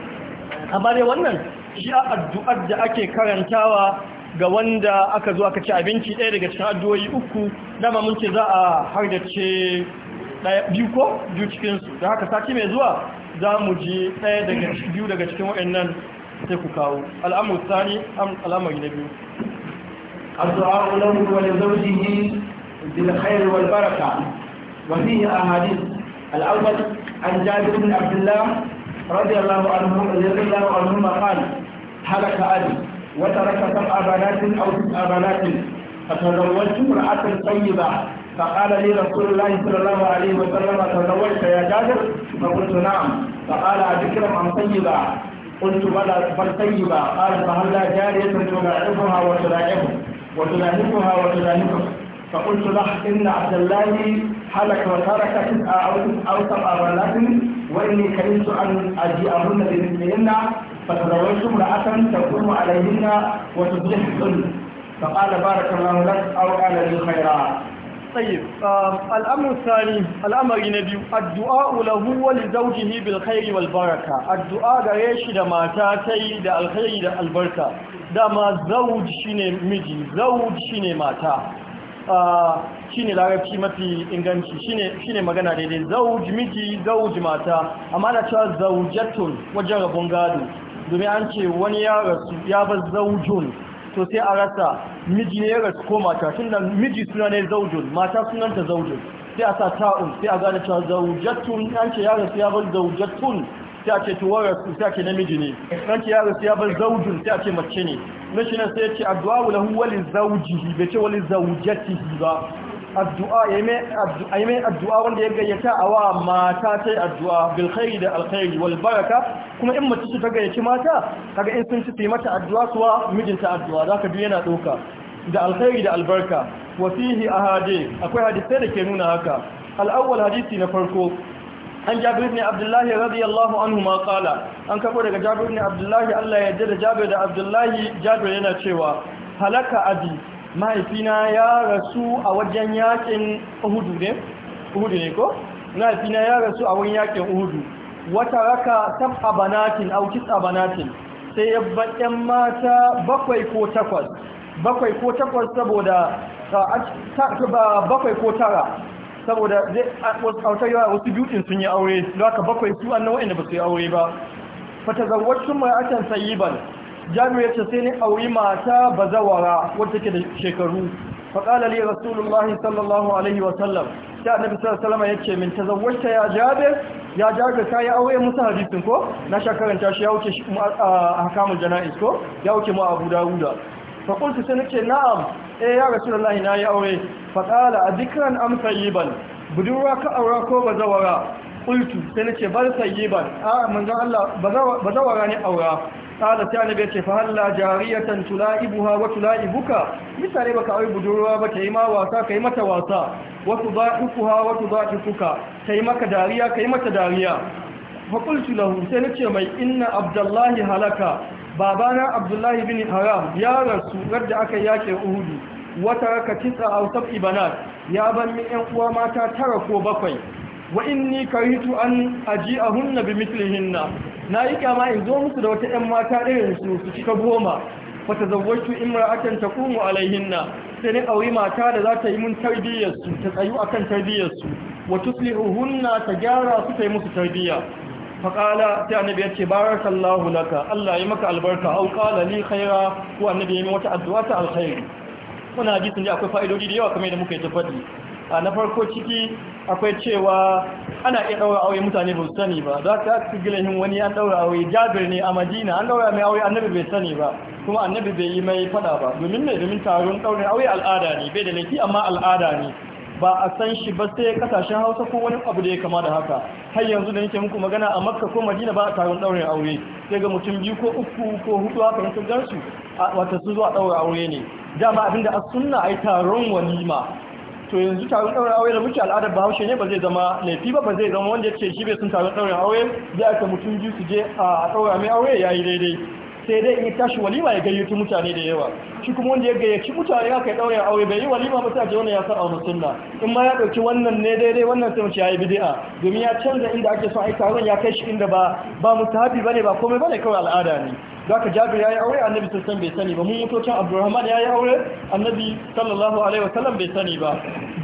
amma dai wannan shi a addu'ar da ake karantawa ga wanda aka zo aka ci abinci ɗaya daga cikin addu'o'i uku dama mun ce za a har ɗaya biyu ko biyu cikinsu da haka sati mai zuwa za mu ji ɗaya daga biyu daga cikin waɗannan sai ku kawo al'amur tsari al'amur na biyu a zuwa ulan wani zaushi yi baraka wani yi a hadin al'amur an jami ibn abdullah radiyallahu anhu radiyallahu anhu makan halaka ali wata raka san abanatin a wasu abanatin a tarawar cikin akan tsayi ba ka kala ne da kullum lahi sallallahu alaihi wa sallama tarawar ta ya jajar ba kuntuna ba kala a jikin amsayi ba قلت بلى بل طيبا قال فهل لا جارية تلاعبها وتلاعبه وتلاهفها وتلاهفه فقلت له إن عبد الله حلك وترك تسعة أو أو سبع بنات وإني كرهت أن أجيئهن بمثلهن فتزوجت امرأة تقوم عليهن وتصلحهن فقال بارك الله لك أو قال لي خيرا طيب al'amari الثاني biyu. نبي الدعاء له ولزوجه بالخير والبركة الدعاء gare shi da mata دا الخير دا البركة دا ما زوج شيني مجي زوج شيني ما تا shine larabci mafi inganci shine magana daidai Zauji miji zauj mata amma na cewa zaujatun wajen rabon gado domin an ce wani ya rasu ya bar zaujun to sai a rasa miji ne ya rasu ko mata da miji suna ne zaujun mata sunanta zaujun sai a sa ta'un sai a gane cewa zaujatun an ce ya rasu ya bar zaujatun sai a ce tuwarar su sai a ce namiji ne an ce ya rasu ya bar zaujun sai a ce mace ne na shi sai ya ce addu'a lahu wali zaujihi bai ce wali zaujatihi ba addu'a yayi mai addu'a wanda ya gayyata a wa mata tai addu'a bil da alkhairi wal baraka kuma in mace ta gayyaci mata kaga in sun ci su mata addu'a suwa mijinta addu'a zaka duk yana doka da alkhairi da albarka wa fihi ahadi akwai hadisai da ke nuna haka al-awwal hadisi na farko an jabir ibn abdullah radiyallahu anhu ma qala an kafo daga jabir ibn abdullah Allah ya yarda da jabir da abdullah jabir yana cewa halaka aji. mahaifina ya rasu a wajen yakin uhudu ne uhudu ne ko mahaifina ya rasu a wajen yakin uhudu wata raka a banatin au a banatin sai ya baɗin mata bakwai ko takwas bakwai ko takwas saboda bakwai ko tara saboda zai yawa wasu biyutin sun yi aure da aka bakwai su an annan da ba su yi aure ba fata zarwacin mai akan ban. jami'u ya ce sai ni auri mata bazawara wadda take da shekaru faƙala li rasulullahi sallallahu alaihi wasallam sai annabi sallallahu alaihi wasallam ya ce min tazawwajta ya jabir ya jaga ka ya aure musu hadisin ko na sha karanta shi ya wuce a hakamul jana'iz ko ya wuce mu abu dawuda fa qultu sai ce na'am eh ya rasulullahi na yi aure a qala amsa yi ban. budurwa ka aura ko bazawara qultu sai nace bal sayyiban a manzon Allah bazawara ne aura kala ta annabi ce fa halla jariyatan tulaibuha wa tulaibuka misale baka aure budurwa ba kai yi ma wasa kai mata wasa wa tudaifuha wa tudaifuka kai maka dariya kai mata dariya fa qultu lahu sai nace mai inna abdullahi halaka babana abdullahi bin haram ya rasu radda aka yake uhudu wata raka tisa aw sab'i banat ya ban min yan uwa mata tara ko bakwai wa inni karitu an hunna bi mithlihinna na yi kyama in zo musu da wata 'yan mata irin su su cika goma fata zawwatu ta taqumu alaihinna sai ne auri mata da za ta yi mun tarbiyyarsu ta tsayu akan tarbiyyarsu. su wa tuslihuhunna ta gyara su ta yi musu tarbiyya faƙala sai annabi ya ce barakallahu laka Allah ya maka albarka au qala li khaira ko annabi ya yi wata addu'a ta alkhairi wannan sun da akwai fa'idodi da yawa kamar yadda muka yi ta faɗi a na farko ciki akwai cewa ana iya ɗaura aure mutane ba su sani ba za ka su gilahin wani an ɗaura aure jabir ne a madina an ɗaura mai aure annabi bai sani ba kuma annabi bai yi mai fada ba domin ne domin taron ɗaurin aure al'ada ne bai da laifi amma al'ada ne ba a san shi ba sai kasashen hausa ko wani abu da ya kama da haka har yanzu da nake muku magana a makka ko madina ba a taron ɗaurin aure sai ga mutum biyu ko uku ko hudu haka yanzu gansu wata su zuwa ɗaura aure ne dama abinda a sunna ai taron walima to yanzu taron ɗaurin aure da muke al'adar bahaushe ne ba zai zama laifi ba ba zai zama wanda ya ce shi bai sun taron ɗaurin aure zai aka mutum biyu su je a ɗaura mai aure ya yi daidai sai dai in tashi walima ya gayyaci mutane da yawa shi kuma wanda ya gayyaci mutane aka yi ɗaurin aure bai yi walima ba sai a ce wannan ya san aure sunna in ma ya ɗauki wannan ne daidai wannan sai mace ya yi bid'a domin ya canza inda ake son yi taron ya kai shi inda ba ba mustahabi bane ba komai bane kawai al'ada ne zaka jabir yayi aure annabi sallallahu alaihi bai sani ba mun mutocin abdurrahman yayi aure annabi sallallahu alaihi wasallam bai sani ba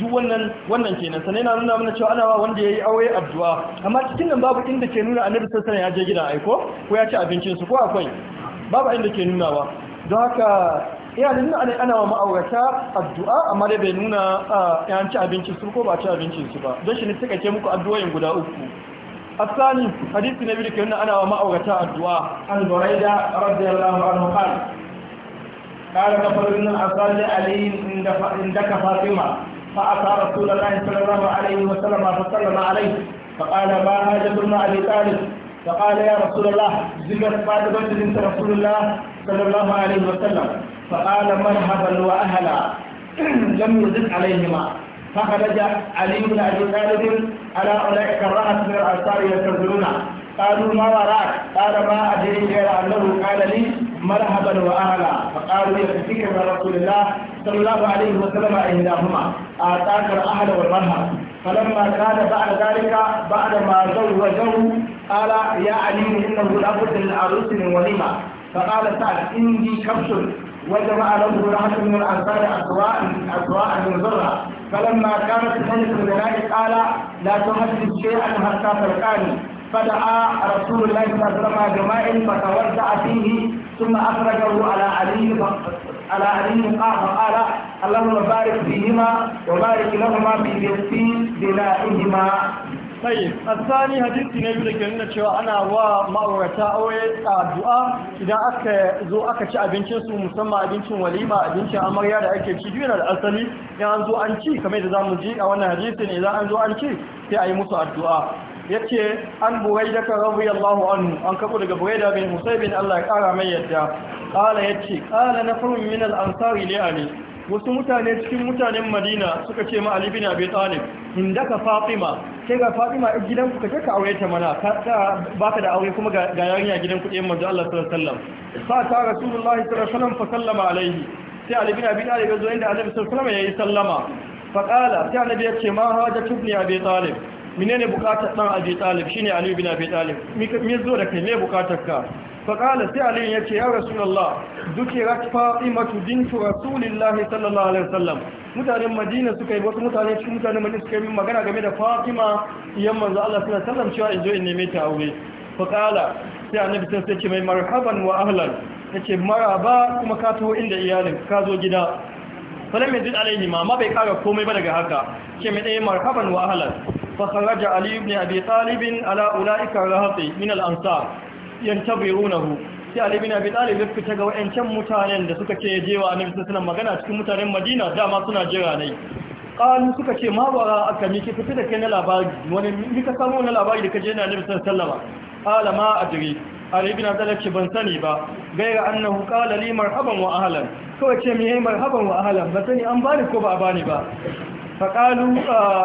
duk wannan wannan kenan sanai na nuna mana cewa ana wa wanda yayi aure abdu'a amma cikin nan babu inda ke nuna annabi sallallahu alaihi ya je gida aiko ko ya ci abincin su ko akwai babu inda ke nuna ba don haka ya nuna ana ana wa ma'aurata addu'a amma dai bai nuna ah, ya ci abincin su ko ba ci abincin su ba don shi ne suka ce muku addu'o'in guda uku الثاني حديث النبي كان أنا وما أوغتاء الدعاء عن بريدة رضي الله عنه قال قال كفر من أصلي عليه عندك فاطمة فأتى رسول الله صلى الله عليه وسلم فسلم عليه فقال ما هاجة ابن أبي طالب فقال يا رسول الله زبت فاطمة بنت رسول الله صلى الله عليه وسلم فقال مرحبا وأهلا لم يزد عليهما فخرج علي بن ابي طالب على اولئك الرأس من الانصار ينتظرون قالوا ما وراك قال ما ادري غير انه قال لي مرحبا واهلا فقالوا يكفيك من رسول الله صلى الله عليه وسلم احداهما اعطاك الاهل والمرحب فلما كان بعد ذلك بعد ما زوجه قال يا علي انه لابد للعروس من وليمه فقال سعد اني كبش وجمع له رهط من الانصار اسواء اسواء من ذره فلما كانت حدث ذلك قال لا تحدث شيئا حتى تلقاني فدعا رسول الله صلى الله عليه وسلم جماع فتوزع فيه ثم اخرجه على علي على علي قال فقال اللهم بارك فيهما وبارك لهما في بنائهما tsaye asali hadisi na biyu da ke nuna cewa ana wa ma'aurata aure addu'a idan aka zo aka ci abincin su musamman abincin walima abincin amarya da ake ci yana da asali idan an zo an ci kamar da zamu ji a wannan hadisin idan an zo an ci sai a yi musu addu'a yace an buwai daga radiyallahu anhu an karɓo daga buwaida bin bin Allah ya kara mai yadda qala yace qala nafarun min al-ansari li ali wasu mutane cikin mutanen madina suka ce ma alibin abi talib indaka fatima sai ga fatima a gidanku ka taka aure ta mana ba ka da aure kuma ga yarinya gidanku ɗayan manzo Allah sallallahu alaihi sa ta rasulullahi sallallahu alaihi fa sallama alaihi sai alibin abi talib ya zo inda annabi sallallahu alaihi wasallam yayi sallama fa qala sai annabi ya ce ma haja tubni abi talib menene bukatar dan abi talib shine ali bin abi talib me zo da kai me bukatar ka faƙala sai aliyu ya ce ya rasulallah duke fa'imatu bintu rasulillahi sallallahu alaihi wasallam mutanen madina suka yi wasu mutane cikin mutanen madina suka yi magana game da Fatima iyan manzo Allah sallallahu alaihi wasallam cewa in zo in neme ta aure faƙala sai annabi sai ce mai marhaban wa ahlan yace maraba kuma ka taho inda iyalin ka zo gida falam yajid alaihi ma ma bai kara komai ba daga haka ce mai dai marhaban wa ahlan fa kharaja ali ibn abi talib ala ulaika rahati min al ansar yantabirunahu sai Ali bin Abi Talib ya fita ga wayancan mutanen da suka ce jewa Annabi sallallahu magana cikin mutanen Madina dama suna jira ne qalu suka ce ma bara aka miki fita da kai na labari wani mika samu na labari da kaje na Annabi sallallahu qala ma adri Ali bin Abi Talib ce ban sani ba gaira annahu qala li marhaban wa ahlan kawai ce mi yayi marhaban wa ahlan ba sani an bani ko ba a bani ba faƙalu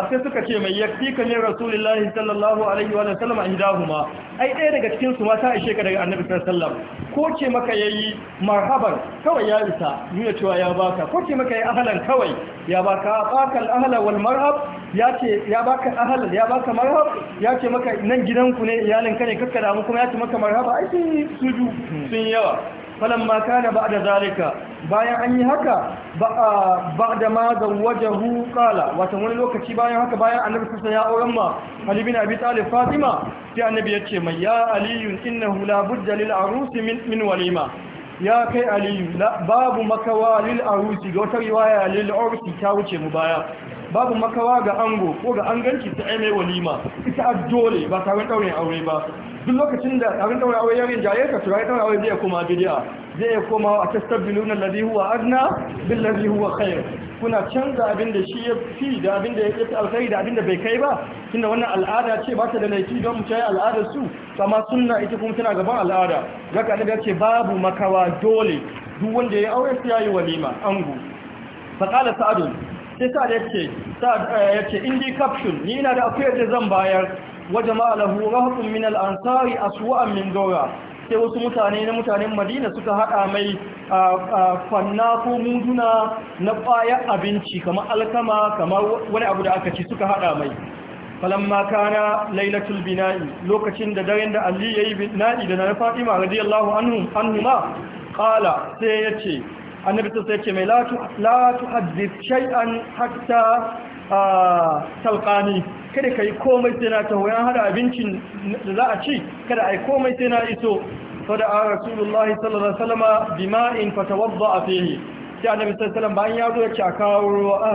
sai suka ce mai yafi ka ne rasulullahi sallallahu alaihi wa sallam a hidahuma ai ɗaya daga cikin su mata ishe ka daga annabi sallallahu ko ce maka ya yi marhaban kawai ya isa nuna cewa ya baka ko ce maka yayi ahalan kawai ya baka baka al wal marhab ya ce ya baka ahl ya baka marhab ya ce maka nan gidanku ne iyalin ka ne kakka damu, kuma ya ce maka marhaba ai suju sun yawa falamma kana ba'da zalika bayan an yi haka ba da ma wajahu kala wata wani lokaci bayan haka bayan annabi sassa ya auren ma ali bin abi talib fatima sai annabi ya ce mai ya aliyu innahu la budda lil arusi min walima ya kai aliyu babu makawa lil arusi ga wata riwaya lil arusi ta wuce mu baya babu makawa ga ango ko ga anganci ta aime walima ita a dole ba taron ɗaurin aure ba duk lokacin da taron ɗaurin aure yarin jaye ka turai ɗaurin aure zai koma bidiya zai koma a tastabbilu na ladhi huwa adna bil ladhi huwa khair kuna canza abin da shi ya fi da abin da ya fi alkhairi da abin da bai kai ba tunda wannan al'ada ce ba ta da laifi don mu tayi al'adar su kama sunna ita kuma tana gaban al'ada zaka annabi ce babu makawa dole duk wanda ya aure sai yayi walima ango fa qala sa'adun sai sa da yake yake indi caption ni ina da akuyar da zan bayar wa jama'a lahu rahqun min al-ansari aswa'an min dawra sai wasu mutane na mutanen Madina suka hada mai fanna ko muduna na kwaya abinci kamar alkama kamar wani abu da aka ci suka hada mai falamma kana lailatul bina'i lokacin da daren da Ali yayi bina'i da na Fatima radiyallahu anhu annuma qala sai yace annabi sai ce mai la tuhaddith shay'an hatta ah, talqani kada ka yi komai sai na taho an hada abincin da za a ci kada a yi komai sai na iso fada rasulullahi sallallahu alaihi wasallama bima'in fatawadda fihi sai annabi sallallahu bayan ya zo ya ci a kawo ruwa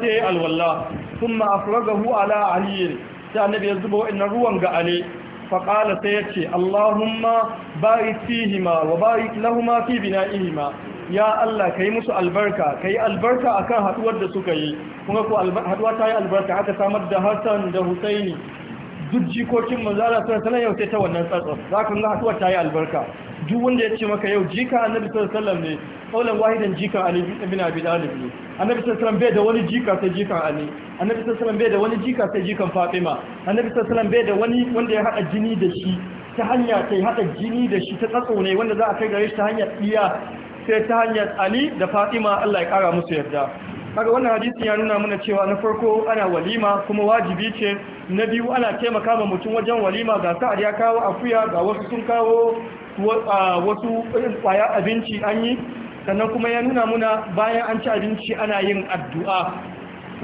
sai alwalla kuma a afragahu ala aliyin sai annabi ya zuba wa'annan ruwan ga ale. faƙala sai ya ce allahumma barik fihima wa barik lahuma fi bina'ihima ya Allah ka yi musu albarka ka yi albarka akan haduwar da suka yi kuma ko haduwa ta yi albarka aka samar da Hassan da Husaini duk jikokin manzala suna alaihi yau sai ta wannan tsatsa za ka ga hatuwa ta yi albarka duk wanda ya ce maka yau jika annabi sallallahu alaihi ne kaulan wahidan jika ali ibn abi talib ne annabi sallallahu bai da wani jika sai jikan ali annabi sallallahu bai da wani jika sai jikan fatima annabi sallallahu bai da wani wanda ya haɗa jini da shi ta hanya ta haɗa jini da shi ta tsatso ne wanda za a kai gare shi ta hanyar iya sai ta hanyar ali da fatima Allah ya kara musu yarda kaga wannan hadisi ya nuna mana cewa na farko ana walima kuma wajibi ce na biyu ana taimaka ma mutum wajen walima ga sa'ad ya kawo akuya ga wasu sun kawo wasu kwaya abinci an yi sannan kuma ya nuna muna bayan an ci abinci ana yin addu'a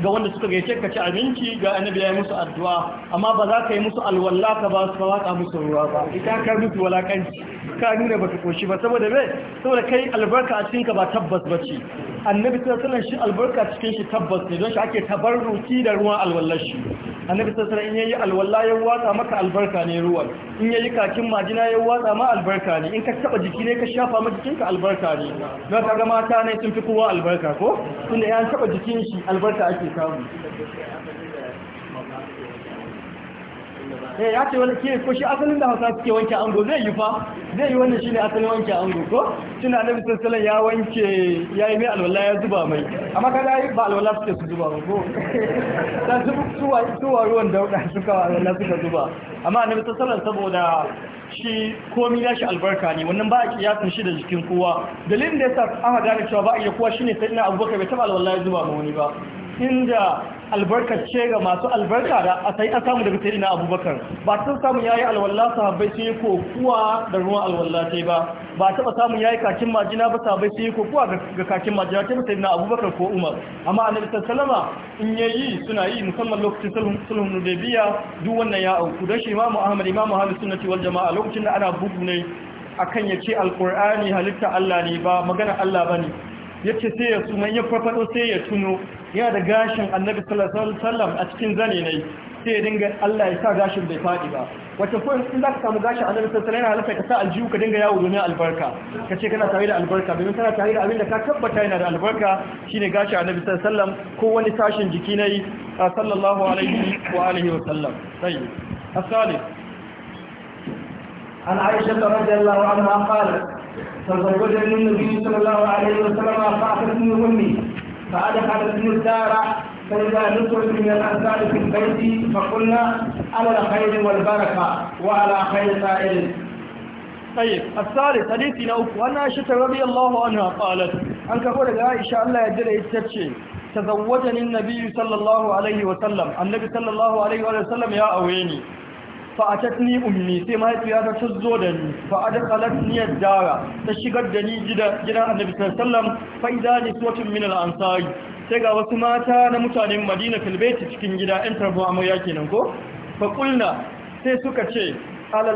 ga wanda suka gaice ka ci abinci ga annabi ya yi musu addu'a amma ba za ka yi musu alwala ka ba su ka musu ruwa ba ita ka musu walakanci ka nuna baka koshi ba saboda me saboda kai albarka a cikin ka ba tabbas ba ce annabi sallallahu alaihi shi albarka cikin shi tabbas ne don shi ake tabarruki da ruwan alwallar shi annabi sallallahu alaihi in yayi alwala ya watsa maka albarka ne ruwan in yayi kakin majina ya watsa ma albarka ne in ka taba jiki ne ka shafa ma jikinka albarka ne don ga mata ne sun fi kowa albarka ko tunda ya taba jikin shi albarka ake ake samu eh, ya ce wani ke ko shi asalin da hausa suke wanke ango zai yi fa zai yi wannan shine asalin wanke ango ko tuna annabi sallallahu ya wanke ya yi mai alwala ya zuba mai amma yi ba alwala suke su zuba ba ko ta zuba suwa suwa ruwan dauda <laughs> suka alwala suka zuba amma annabi sallallahu saboda shi komi ya shi albarka ne wannan ba a kiyasin shi da jikin kowa dalilin da yasa aka gane cewa ba a iya kowa shine sai ina abubakar bai taba alwala ya zuba ma wani ba inda ce ga masu albarka da a sai an samu daga sai na abubakar ba ta samun yayi alwalla sahabbai sai ko kuwa da ruwan alwalla sai ba ba ta samun yayi kakin majina ba sahabbai sai ko kuwa ga kakin majina sai sai na abubakar ko umar amma a annabi sallama in yayi suna yi musamman lokacin sulhun hudaybiya duk wannan ya auku don shi imamu ahmad imamu ahlus sunnati wal jamaa lokacin da ana bugu ne akan yace Alkur'ani halitta Allah ne ba magana Allah ba ne. ya ce sai ya suna ya farfado sai ya tuno yana da gashin annabi sallallahu alaihi wasallam a cikin zane ne sai ya dinga Allah ya sa gashin bai fadi ba wato ko in zaka samu gashin annabi sallallahu alaihi wasallam yana ka sa aljihu ka dinga yawo domin albarka ka ce kana tare da albarka domin kana tare da abin da ka tabbata yana da albarka shine gashin annabi sallallahu alaihi wasallam ko wani sashin jiki ne sallallahu alaihi wa alihi wasallam sai asali an aisha radiyallahu anha qalat فزوجني النبي صلى الله عليه وسلم فاخذتني امي فادخلتني الدار فاذا نزلت من الانصار في البيت فقلنا على الخير والبركه وعلى خير قائل طيب الثالث حديث نوف وأن عائشة رضي الله عنها قالت أن كفر عائشة الله يجري يتشي تزوجني النبي صلى الله عليه وسلم النبي صلى الله عليه وسلم يا أويني fa'atatni ummi sai mahaifiyata ta zo da ni fa'adakalat niyar dara ta shigar da ni gidan annabi sallam fa'iza ne suwatun minal ansari sai ga wasu mata na mutanen madina filbeti cikin gida 'yan tarbo amurya kenan ko faƙulna sai suka ce wal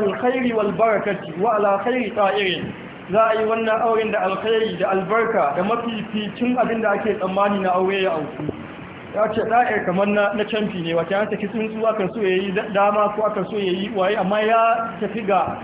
walbarakati wa alkhairi ta'irin za a yi wannan auren da alkhairi da albarka da mafificin abin da ake tsammani na aure ya auku ya ce ɗa'ir kamar na canfi ne wata yanta kisun su akan so ya yi dama ko akan so ya yi waye amma ya tafi ga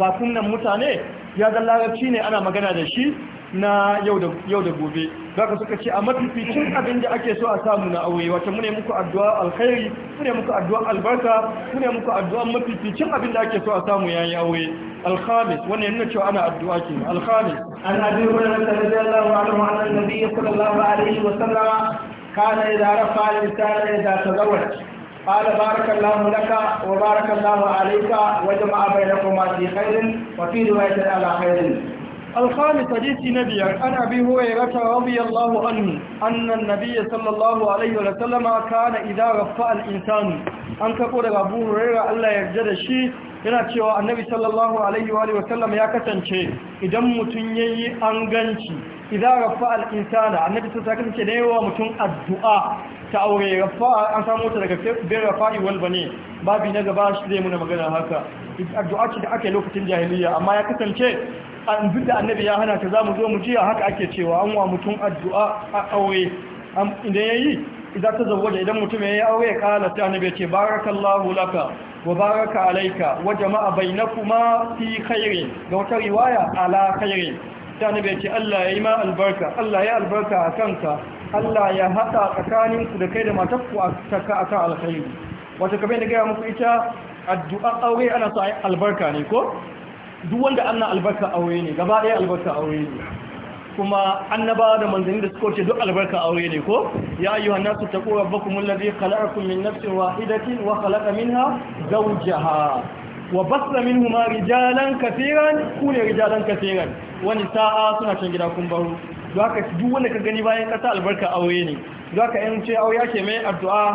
bakunan mutane ya zan larabci ne ana magana da shi na yau da gobe za ka suka ce a matafikin abin da ake so a samu na aure wata mune muku addu’a alkhairi mune muku addu’a albarka mune muku addu’a matafikin abin da ake so a samu yayi aure alkhamis wannan yana cewa ana addu’a ke alkhamis an haɗi wani na sanadiyar lamarin wannan nabi ya kula labarai wa sallama kana ya zara fahimtar ya tare da ta zawar قال بارك الله لك وبارك الله عليك وجمع بينكما في خير وفي روايه على خير alkhali sadisi na biyar an abi huwai rata rabiyallahu annu annan nabiya sallallahu alaihi wa sallama kana idan rafa al'insanu an kako daga buhurera allah yarda da shi yana cewa annabi sallallahu alaihi wa sallam ya kasance idan mutum yayi an ganci idan rafa al-insana annabi sallallahu alaihi kasance da yawa mutum addu'a ta aure rafa an samu ta daga bin rafa'i wal bane babi na gaba shi zai muna magana haka addu'a ce da aka lokacin jahiliya amma ya kasance an duk da annabi ya hana ta zamu zo mu ji haka ake cewa an wa mutum addu'a a aure idan yayi idan ta zawaje idan mutum ya yi aure kala ta annabi ce barakallahu laka wa baraka alayka wa jama'a bainakuma fi khairin ga wata riwaya ala khairin ta annabi ce Allah ya yi ma albarka Allah ya albarka a kanka Allah ya hada tsakaninku da kai da matarku a saka akan alkhairi wato kamar da ga muku ita addu'a aure ana sa albarka ne ko duk wanda Allah albarka aure ne gaba ɗaya albarka aure ne kuma annaba da manzanni da suka ce duk albarka aure ne ko ya ayyuhan nasu taqu rabbakum alladhi khalaqakum min nafsin wahidatin wa khalaqa minha zawjaha wa basla minhuma rijalan katiran kune rijalan katiran wa nisaa suna can gida kun baro don duk wanda ka gani bayan kasa albarka aure ne don haka ce aure ake mai addu'a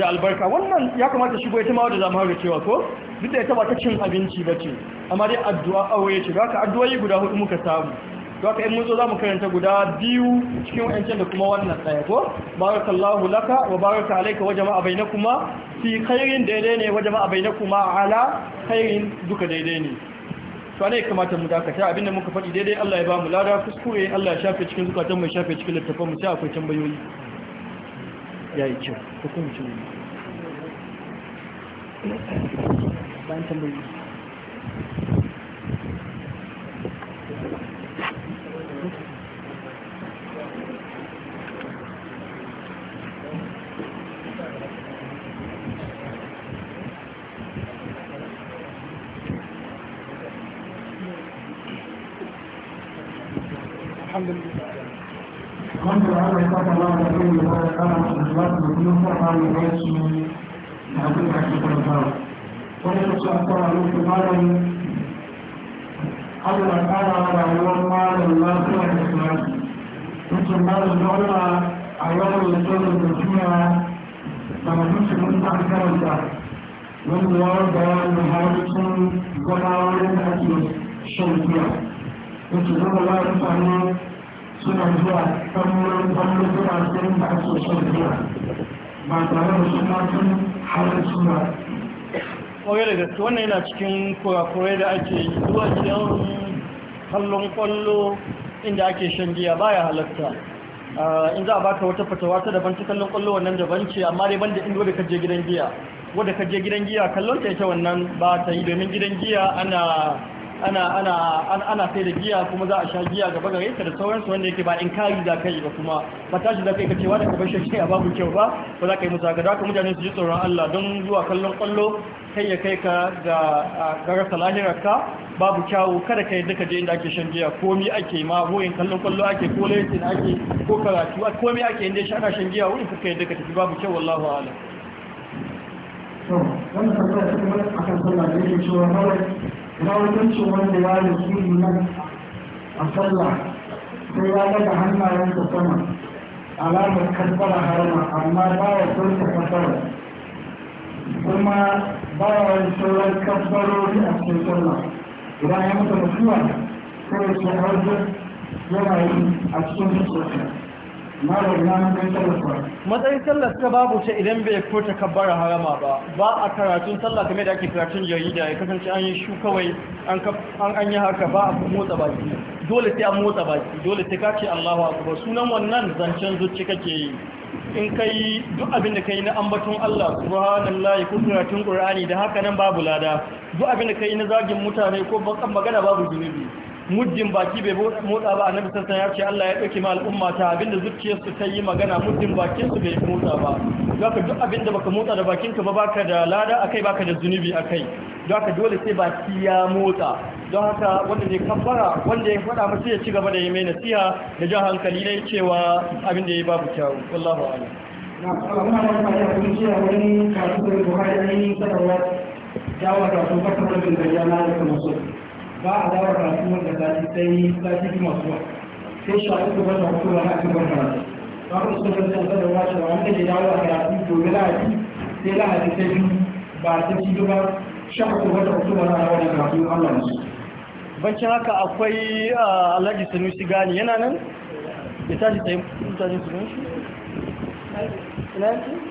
da albarka wannan ya kamata shigo ita ma da zamu haɗa cewa ko duk da ita ba ta cin abinci ba ce amma dai addu'a aure ce don haka yi guda hudu muka samu doka in mun za mu karanta guda biyu cikin wancan da kuma wannan tsaye ko Allahu laka wa baraka alaika wa jama'a bainakuma fi khairin daidai ne wa jama'a bainakuma ala khairin duka daidai ne to ne kamata mu dakata abinda muka faɗi daidai Allah ya ba mu lada kuskure Allah ya shafe cikin zukatan mai shafe cikin littafin mu sai akwai tambayoyi yayi kyau hukunci bayan tambayoyi alhamdulillah wani su a kawo rufe malami abu da kara rayuwar malam lafiya da sulaki mutum malam zauna a yawon ya tsoron da juna da mutunci mun ta karanta wanda ya yi bayanin harkokin zama wurin da ake shan giya yake zama lafiya ne suna zuwa tsallon kwallo zuwa sun da ake son zuwa ba tare da suna sun halarci ba kwaye da gaske wannan yana cikin kurakurai da ake zuwa gidan kallon kwallo inda ake shan giya baya halatta in za a baka wata fatawa ta daban ta kallon kwallo wannan daban ce amma dai banda inda wadda kaje gidan giya wadda kaje gidan giya kallon ta ita wannan ba ta yi domin gidan giya ana ana sai da giya kuma za a sha giya gaba gare ta da sauransu wanda yake ba in kari za ka yi ba kuma ba tashi za ka yi cewa da ka bar shi a babu kyau ba ba za ka yi musu haka da mutane su ji tsoron Allah don zuwa kallon kwallo kai ya kai ka ga lahirar lahirarka babu kyawu kada ka yi duka je inda ake shan giya komi ake ma wurin kallon kwallo ake ko laifin ake ko karatu komi ake inda shi ana shan giya wurin ka yadda ka tafi babu kyau wallahu a'lam. wannan tambaya akan sallah da yake cewa na hukuncin wanda ya rufe nan a sallah sai ya daga hannayensa sama alamar kasara harama amma ba ya furta kasara kuma ba ya wani sauran a cikin sallah idan ya mutu mutuwa sai ya ce yana yi a cikin zuciya matsayin sallar ta babu ta idan bai furta kabbara harama ba ba a karatun sallah game da ake karatun jarida ya kasance an yi shu kawai an yi haka ba a motsa baki dole sai an motsa baki dole sai ka ce Allahu akbar sunan wannan zancen zuci kake yi in kai duk abin da kai na ambaton Allah subhanallahi ko karatun Qur'ani da haka nan babu lada duk abin da kai na zagin mutane ko ban magana babu zunubi muddin baki bai motsa ba annabi sassan ya ce Allah ya ɗauki ma al'umma ta abinda zuciyarsu ta yi magana muddin bakinsu bai motsa ba za ka duk abinda baka motsa da bakinka ba baka da lada akai baka da zunubi akai don haka dole sai baki ya motsa don haka wanda ne kafara wanda ya faɗa masu ya ci gaba da ya mai nasiha da jan hankali dai cewa abinda ya yi babu kyau wallahu a'lam na kuma da kuma wani kasu da buhari ne sanawa dawa da kuma kasar da yana da kuma so ba a dawo karatu wanda ta ci ta yi ta ci masu suwa sai shi a uku ba da hutu wani aka bar ba ku su kan san sanar wa cewa wanda ke dawo a karatu gobe lahadi sai lahadi ta yi ba ta ci gaba sha uku ba da hutu wani aka bar karatu allah musu. bancin haka akwai alhaji sanusi gani yana nan ya tashi tsayin mutane su gan shi? ina yanki?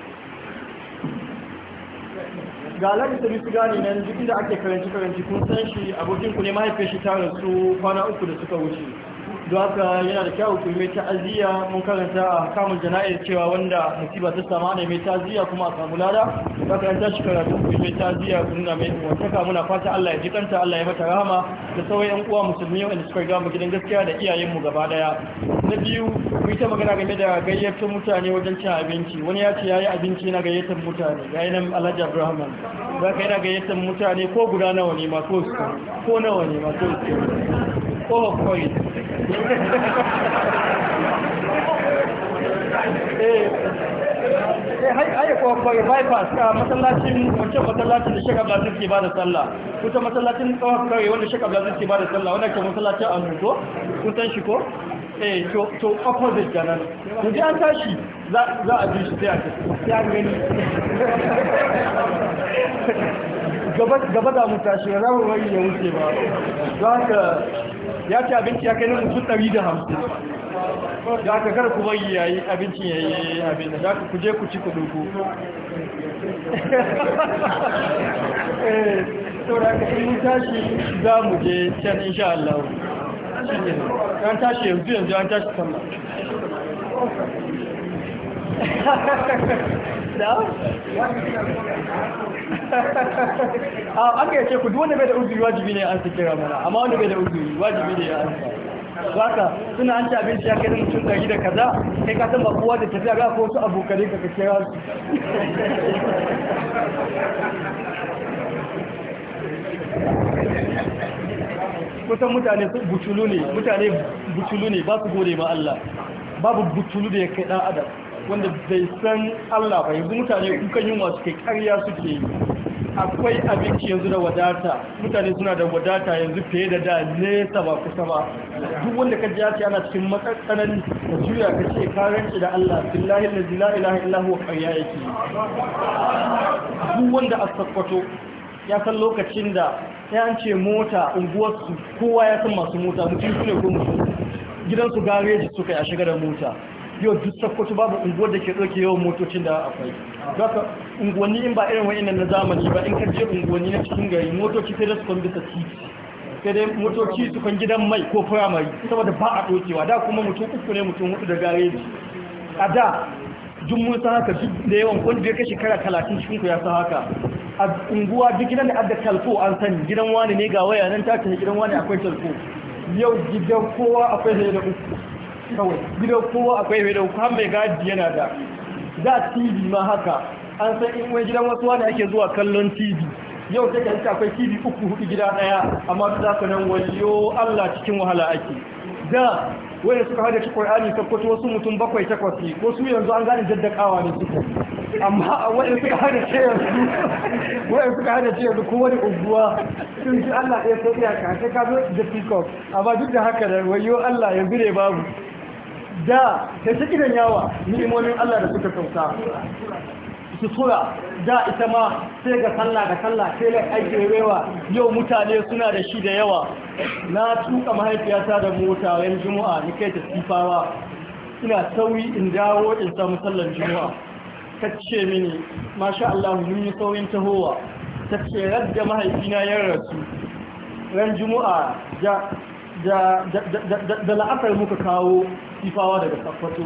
ga alhaji su gane nan jikin da ake karanci karanci kun san shi abokin ku ne mahaifin shi ta su kwana uku da suka wuce don haka yana da kyau ku mai ta'aziyya mun karanta a kamun jana'ir cewa wanda musiba ta sama ne mai ta'aziyya kuma a samu lada ta ka yanta shi karatu ku mai ta'aziyya ku nuna mai wataka muna fata Allah ya jikanta Allah ya mata rahama da sauran yan uwa musulmi wanda suka gama gidan gaskiya da iyayen mu gaba daya na biyu mu ta magana game da gayyatar mutane wajen cin abinci wani ya ce ya yi abinci na gayyatar mutane ga yi nan alhaji abrahaman za ka yi na gayyatar mutane ko guda nawa ne masu su ko nawa ne masu su ko hakwai <laughs> eh, eh, haye kuwa kawai bypass a ah, matsalacin wancan matsalacin da shekar blazin ke ba da sallah kuta matsalacin tsawon kawai wanda shekar blazin ke ba da sallah wanda ke matsalacin a nuto kun san shi ko eh to opposite ganar to ji an tashi za a ji shi sai a ce sai an gani gaba da mu tashi ya zama wani ya wuce ba za ka ya ce abinci ya kai na mutu ɗari da hamsin da ka kar ku bayi ya yi abincin ya yi abin da ku je ku ci ku dogo <laughs> eh to da ka tashi za mu je can insha Allah an tashi yanzu yanzu an tashi sallah a aka yace ku duk wanda bai da uzuri wajibi ne an kira mana amma wanda bai da uzuri wajibi ne ya an baka suna an ci abinci ya kai mutum ɗari da kaza kai ka san ba kowa da tafiya ga ko wasu abokanai ka ka kira su kusan mutane butulu ne mutane butulu ne ba su gode ma Allah babu butulu da ya kai dan adam wanda bai san Allah ba yanzu mutane kukan yunwa suke karya suke yi akwai abinci yanzu da wadata mutane suna da wadata yanzu fiye da da nesa ba kusa ba duk wanda ka ji yace ana cikin matsatsanan da juya ka ce ka rance da Allah billahi la ilaha illa huwa qayya yake duk wanda a sakwato ya san lokacin da sai an ce mota unguwarsu kowa ya san masu mota mutum su ne ko mutum gidansu gareji suka yi a shiga da mota yau duk sakkwato babu unguwar da ke ɗauke yawan motocin da akwai zaka unguwanni in ba irin wa'in na zamani ba in je unguwanni na cikin gari motoci sai da su kan bisa titi sai dai motoci su kan gidan mai ko firamare saboda ba a ɗaukewa da kuma mutum uku ne mutum hudu da gareji a da duk mun san haka duk da yawan wanda ya kai shekara talatin cikin ku ya san haka a unguwa duk gidan da adda talko an sani gidan wani ne ga waya nan ta ce gidan wani akwai talko yau gidan kowa akwai hayar da uku kawai gidan kowa akwai hayar da uku har mai gadi yana da da tv ma haka an san in wani gidan wasu wani ake zuwa kallon tv yau ta kan akwai tv uku hudu gida daya amma su za nan yo allah cikin wahala ake da wanda suka hada shi ta kwato wasu mutum bakwai takwas ne ko su yanzu an gane jaddakawa ne suka amma wanda suka hada ce yanzu wanda suka hada ce yanzu kowa da unguwa sun ji Allah ya sai ka kace ka zo da peacock amma duk da haka da wayo Allah ya bire babu da ta gidan yawa ni'imomin Allah da suka kauta sutura da ita ma sai ga sallah da sallah sai da ake rewa yau mutane suna da shi da yawa na tuka mahaifiyata da mota ran juma'a ni kai ta sifawa ina sauri in dawo in samu sallar juma'a ta ce mini masha Allah mun yi saurin tahowa ta ce radda mahaifina ya rasu ran juma'a da da da da muka kawo sifawa daga sakwato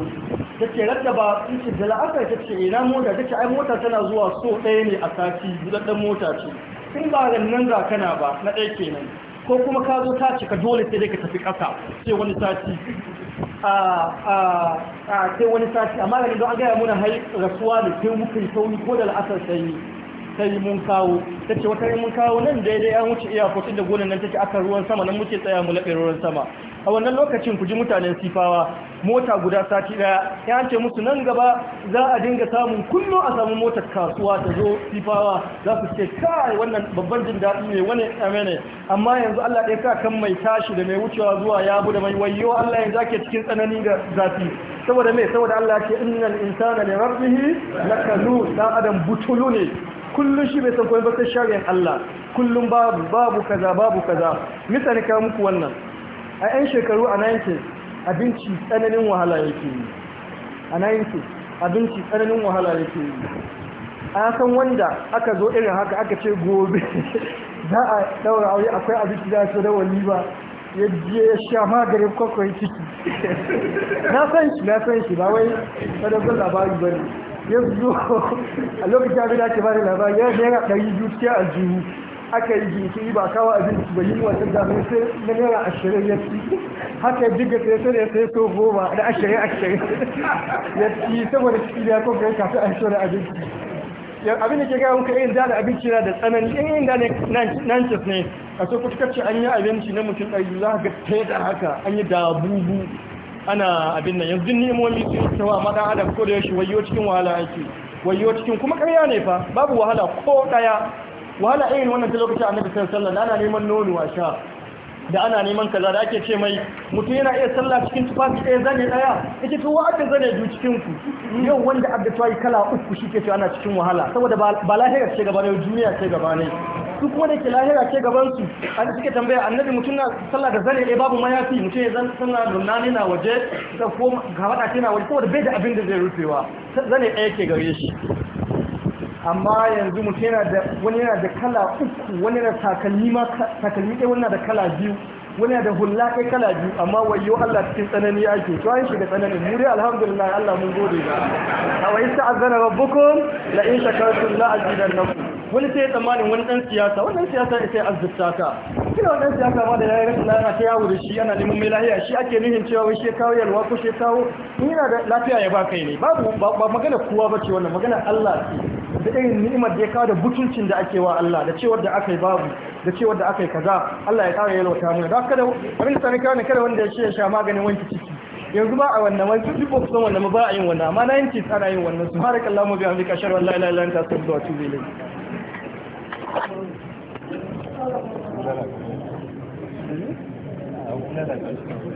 ta ce rattaba da la'asar ta ce ina mota ta ce ai mota tana zuwa so ɗaya ne a sati buɗaɗɗen mota ce in ba nan za kana ba na ɗaya kenan ko kuma ka zo ta cika dole sai dai ka tafi ƙasa sai wani sati a sai wani sati amma da don an gaya muna hai rasuwa da sai muka yi sauri ko da la'asar sanyi. sai mun kawo ta ce wata mun kawo nan daidai an wuce iyakokin da gonan nan take aka ruwan sama nan muke tsaya mu laɓe ruwan sama a wannan lokacin ku ji mutanen sifawa mota guda sati daya ya ce musu nan gaba za a dinga samun kullo a samu motar kasuwa ta zo sifawa za su ce kai wannan babban jin daɗi ne wani amene amma yanzu Allah ɗaya ka kan mai tashi da mai wucewa zuwa ya da mai wayo Allah yanzu ake cikin tsanani ga zafi saboda mai saboda Allah ya ce innal insana li rabbihi lakanun dan adam butulu ne kullum shi bai san komai ba sai shari'ar Allah kullum babu babu kaza babu kaza misali ka muku wannan a yan shekaru a 90 abinci tsananin wahala yake yi a 90 abinci tsananin wahala yake yi a san wanda aka zo irin haka aka ce gobe <laughs> za a daura aure akwai abinci da su da waliba ya je ya sha magari kwakwai ciki <laughs> na san shi na san shi ba wai sadaukar labari ba ne ya zo a lokacin abin da ake ba da labari ya naira ɗari biyu cikin aljihu aka yi jinkiri ba kawo abin da bai yi wasan damar sai na nera ashirin ya ci haka yi jiga sai sai sai so goma da ashirin ashirin ya ci saboda ciki da ya kofa ya kafin an shora abinci yan abin da ke gawa muka yin dala abinci na da tsanani yin eh, yin da nancis ne a so kuskacce an yi abinci na mutum ɗari za ka ga ta da haka an yi dabubu ana abin nan yanzu nemomi sun cewa madan adam ko da yashi wayo cikin wahala yake wayo cikin kuma ƙarya ne fa babu wahala ko ɗaya wahala irin wannan ta lokacin annabi sallallahu alaihi wasallam ana neman nono a sha da ana neman kaza da ake ce mai mutum yana iya sallah cikin tufafi ɗaya zane ɗaya yake to wa aka zane biyu cikin ku yau wanda abda ta yi kala uku shi ke ce ana cikin wahala saboda ba lahira ce gaba ne duniya ce gaba ne su ko da ke lahira ke gaban su an suke tambaya annabi mutum na sallah da zane ɗaya eh, babu mayafi mutum ya zan sallah lunna ne na waje da ko gabaɗa ce na waje saboda bai da abin da zai rufewa zane ɗaya ke gare shi amma yanzu mutum yana da wani yana da kala uku wani yana takalmi ma takalmi ɗaya wani yana da kala biyu muna da hulla kai kala biyu amma wayo Allah cikin tsanani yake to an shiga tsananin mu dai alhamdulillah Allah mun gode ga sa azana rabbukum la in shakartum la azidannakum wani sai tsammanin wani dan siyasa wannan siyasa sai azzurta ka kina wannan siyasa ma da yayin rashin na ta yawo da shi yana neman mai lafiya shi ake nihin cewa wai shi kawo yalwa ko shi kawo ina da lafiya ya ba kai ne babu ba magana kowa bace wannan magana Allah ce da irin ni'imar da ya kawo da butuncin da ake wa Allah da cewar da aka yi babu da cewar da aka yi kaza Allah ya kara yalwata mana da kada abin da sani kawo ne kada wanda ya sha maganin wanki ciki yanzu ba a wannan wani duk ba san wannan ba a yin wannan amma na yin ci tsara yin wannan subhanakallahu wa bihamdika ashhadu an la ilaha illa ta astaghfiruka wa atubu ilayk Thank you.